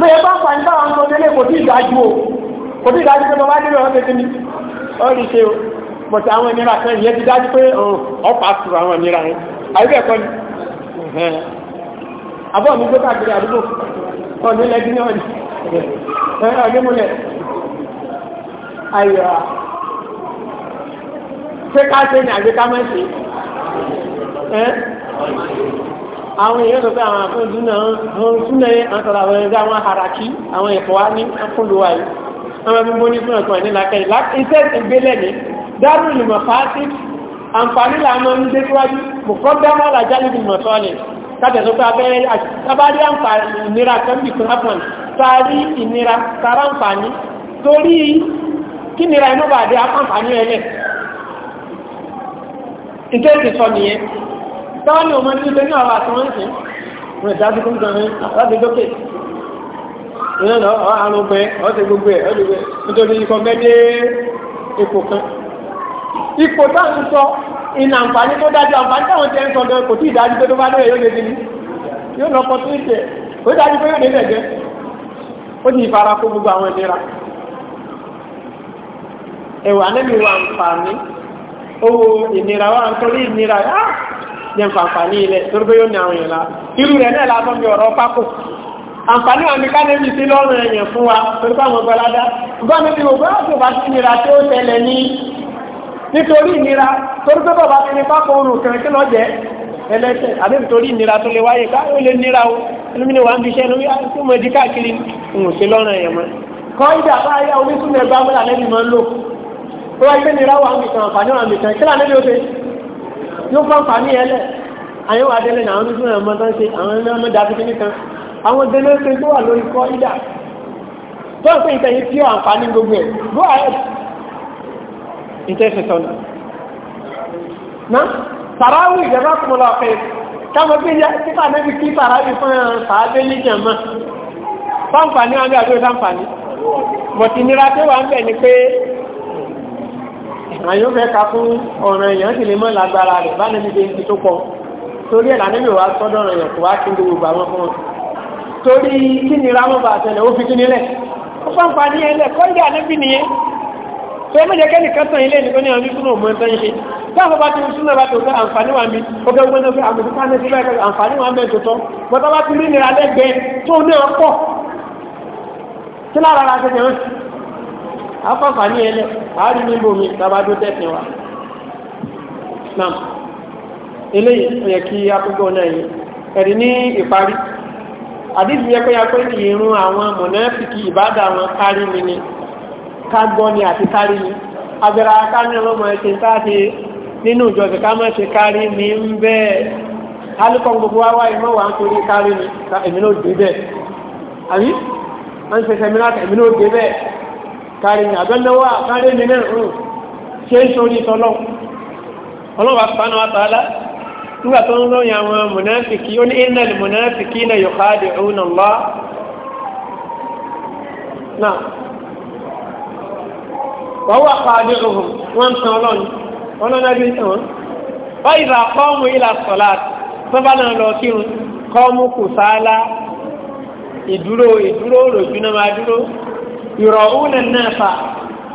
bí ẹ bá ń pàdé táwọn ọmọ tẹ́lẹ̀ kò tí ì dájú o kò tí ì dájú pé mo bá délé ọ̀hún tẹ́lẹ̀ ó ṣe o bọ̀tẹ̀ àwọn ìnira kan ìyẹn ti dájú pé ọ̀pá tu àwọn ìnira yẹn àyíkẹ́ kọ́ ni àbọ̀ mi gbé káàkiri àdúgbò kọ́ ní lẹ́gbẹ́ náà ni ọdún múlẹ̀ ayọ̀ ṣé ká ṣe ní àgbékámẹ́sì àwọn èèyàn sọ pé àwọn àfúnjú náà wọn túnlẹ̀ àtàrà àwọn ẹgbẹ́ àwọn àràkí àwọn ẹ̀kọ́ wá ní afúnlùwà yìí àwọn ẹbí bó ní fún ẹ̀kọ́ ní lákẹ́ iṣẹ́ ìgbélẹ̀ ní dárú ìlúmọ̀ fásitì àǹfààní làmọ́ ń dé síwájú mọ̀kọ́ dámọ́ làjá níbi ìmọ̀ sọ́ọ̀lẹ̀ kájẹ̀sọ́ pé abẹ́rẹ́ àtàbárí àǹfààní ìnira kẹ́mbì fún afọ́n sáárí ìnira sára àǹfààní torí kí nira inú bàdé àǹfààní ẹlẹ́ ìkẹ́ ìsọ nìyẹn táwọn ní ọmọ tí ó ní ọ̀rọ̀ wọ́n ìdájú tó gan rẹ̀ láti dókè ìyẹn lọ àrùn pẹ ọ̀sẹ̀ gbogbo ẹ̀ ọ̀dùn pẹ nítorí ikọ̀ mẹ́dé ipò kan ipò táwọn sọ ìnà àǹfààní tó dájú àǹfààní táwọn ń sọ kò tí ìdájú tó bá lóye yóò yóò lọ ó dájú pé gbogbo àwọn ìlera nẹ́mi wà àǹfààní owó ìnira jẹ́ nfàǹfààní ilẹ̀ torí pé yóò ní àwọn la irú rẹ̀ náà la tọ́jú ọ̀rọ̀ pákó àǹfààní wọn ni kánẹ́bí sí lọ́rùn ẹ̀yàn fún wa torí pé àwọn ọgbọ́ládá gbọ́n mi ti wò bá tó bá sí ìnira ni ó tẹ̀lẹ̀ ní nítorí ìnira torí pé bàbá mi ní pákó oorun kan kí lọ́ọ́ jẹ́ ẹlẹ́sẹ̀ àbí nítorí ìnira tó lè wáyé ká ó lè nira o ẹlẹ́mìnira wà ń bí iṣẹ́ lórí àti mọ̀ ẹ̀dí káàkiri ń sí lọ́rùn ẹ̀yàn mọ́ kọ́ ìdá báyà onísùnmẹ̀ gbàmúlà lẹ́bi máa ń lò ó wáyé pé nira wà ń bìkan àǹfààní wà ń bìkan kí yóò fà fàmí ẹ lẹ̀ àyẹ̀wò adẹ́lẹ̀ náà àwọn oníṣẹ́ ọmọ tó ń ṣe àwọn ẹni ọmọ dàbí kíní kan àwọn gẹ́lẹ́ ṣe tó wà lórí kọ́ ìdà tó ń pè ìtẹ̀yìn tí ó àǹfààní gbogbo ẹ̀ go ahead intention sọ̀nà na sàráwì ìjọba kùmọ̀lá ọ̀fẹ́ káwọn bí kíkà níbi kí sàráwì fún sàábé ní jẹ̀mọ́ fáǹfààní wọn bí àdúrà fáǹfààní bọ̀tì nira tí wà ń bẹ̀ ni pé àyàn fẹ́ ka fún ọ̀ràn èèyàn sì lè mọ́ lágbára rẹ̀ bá níbi ṣe ń ti tó pọ̀ torí ẹ̀ lànà ìwà sọ́dọ̀ ọ̀ràn èèyàn kò wá kí n gbogbo gbà wọn fún wọn. torí kí ni rámọ́ bá tẹ̀lé ó fi kí nílẹ̀ ó fọ́n pa ní ẹlẹ̀ kọ́ ilé ànábì nìyẹn tó ẹgbẹ́ jẹ́ kẹ́lì kẹsàn ilé nìkan ní àwọn ìṣúná òmùẹ́ fẹ́ ṣe táwọn bá ti ń súnmọ́ bá tó tẹ́ àǹfààní wa mi ó fẹ́ gbọ́dọ̀ pé àmì ìfipá ní sílẹ̀ àǹfààní wa mẹ́tò tọ́ bọ́tá bá ti rí nira lẹ́gbẹ̀ẹ́ tó ní ọ̀pọ̀ tí lára ra ṣe jẹun afọ́fà ní ẹlẹ́ àárí níbo mi tàbádó tẹ̀sìn wa náà eléyìí yẹ kí akúgbọ́ náà yìí ẹ̀rí ní ìparí àdíjì yẹ pé ya pé ìrun àwọn mọ̀nẹ́fìkì wọn kárí mi ni ká ni àti kárí mi agbára kárí ọlọ́mọ ẹ̀ṣẹ̀ táàtì nínú ìjọsìn ká má ṣe kárí mi ń bẹ́ẹ̀ alùpọ̀ gbogbo wáyé mọ́ wà ń torí kárí mi dé bẹ́ẹ̀ àbí wọ́n ṣe kárí ní àbẹ́lẹ́wà kárí ní mẹ́rin ṣe ń sórí tọ́lọ́ ọlọ́wà pàánà àtàlá nígbà tó ń lóyìn àwọn mùnáfìkì ó ní innal munafiqina yukhadi'una Allah náà wọ́n wà pàdé ohun wọ́n tan ọlọ́run ọlọ́run ẹbí wọ́n wọ́n ìlà qamu ìrọ̀húnà náà fà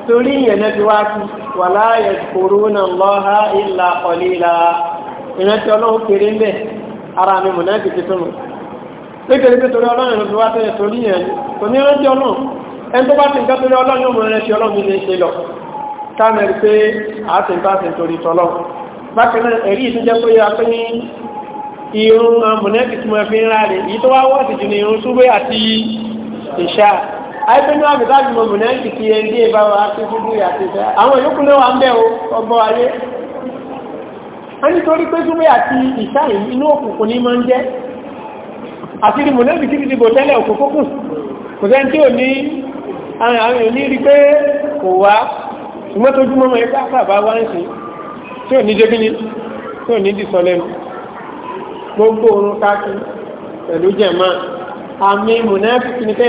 torí ìyẹn ti wá sí wà láàyè kúrú náà lọ́ha ìlà ọ̀lẹ́lá ìrántí ọlọ́run kéré ń bẹ̀ ara mi mọ̀ náà ti ti túnmù nítorí pé torí ọlọ́run ló fi wá tẹ́lẹ̀ torí ìyẹn kò ní rántí ọlọ́run ẹni tó bá ti nǹkan torí ọlọ́run yóò mọ̀ ẹni tí ọlọ́run tí mo fi ń rà rè èyí tó wá wọ́ọ̀tì jù ní irun súbẹ́ àti ìṣá àìpẹ́jọ́ àmì láti mọ̀ mọ̀nẹ́ǹtì kí ẹ ní ìbá wa ti fún bí àti ìfẹ́ àwọn ìyókù náà wà ń bẹ̀ o ọgbọ́ ayé a nítorí pé súnmọ́ àti ìṣá inú òkùnkùn ní máa ń jẹ́ àti ní mọ̀nẹ́ǹtì kí ti bò tẹ́lẹ̀ òkùnkùn kò sẹ́ni tí ò ní àwọn òní rí pé kò wá ìmọ́tójúmọ́ ní ni kẹ́yìn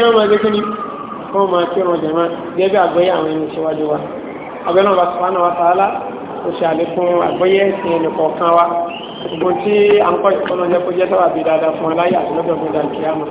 ọmọ ẹgbẹ́ kọ́ máa kí wọn jẹ̀mọ́ gẹ́gẹ́ àgbọ́yé àwọn ẹni ìṣíwájú wa ọgbẹ́ náà bá sọ́wọ́n náà wá sàálà ó ṣe àlékún àgbọ́yé ẹ̀sìn ẹnì kọ̀ọ̀kan wa gbogbo tí à ń kọ́ ìkọ́nà jẹ́ kó jẹ́ tọ́wà bí dáadáa fún aláyé àti lọ́dọ̀ gbọ́dọ̀ àkíyàmọ̀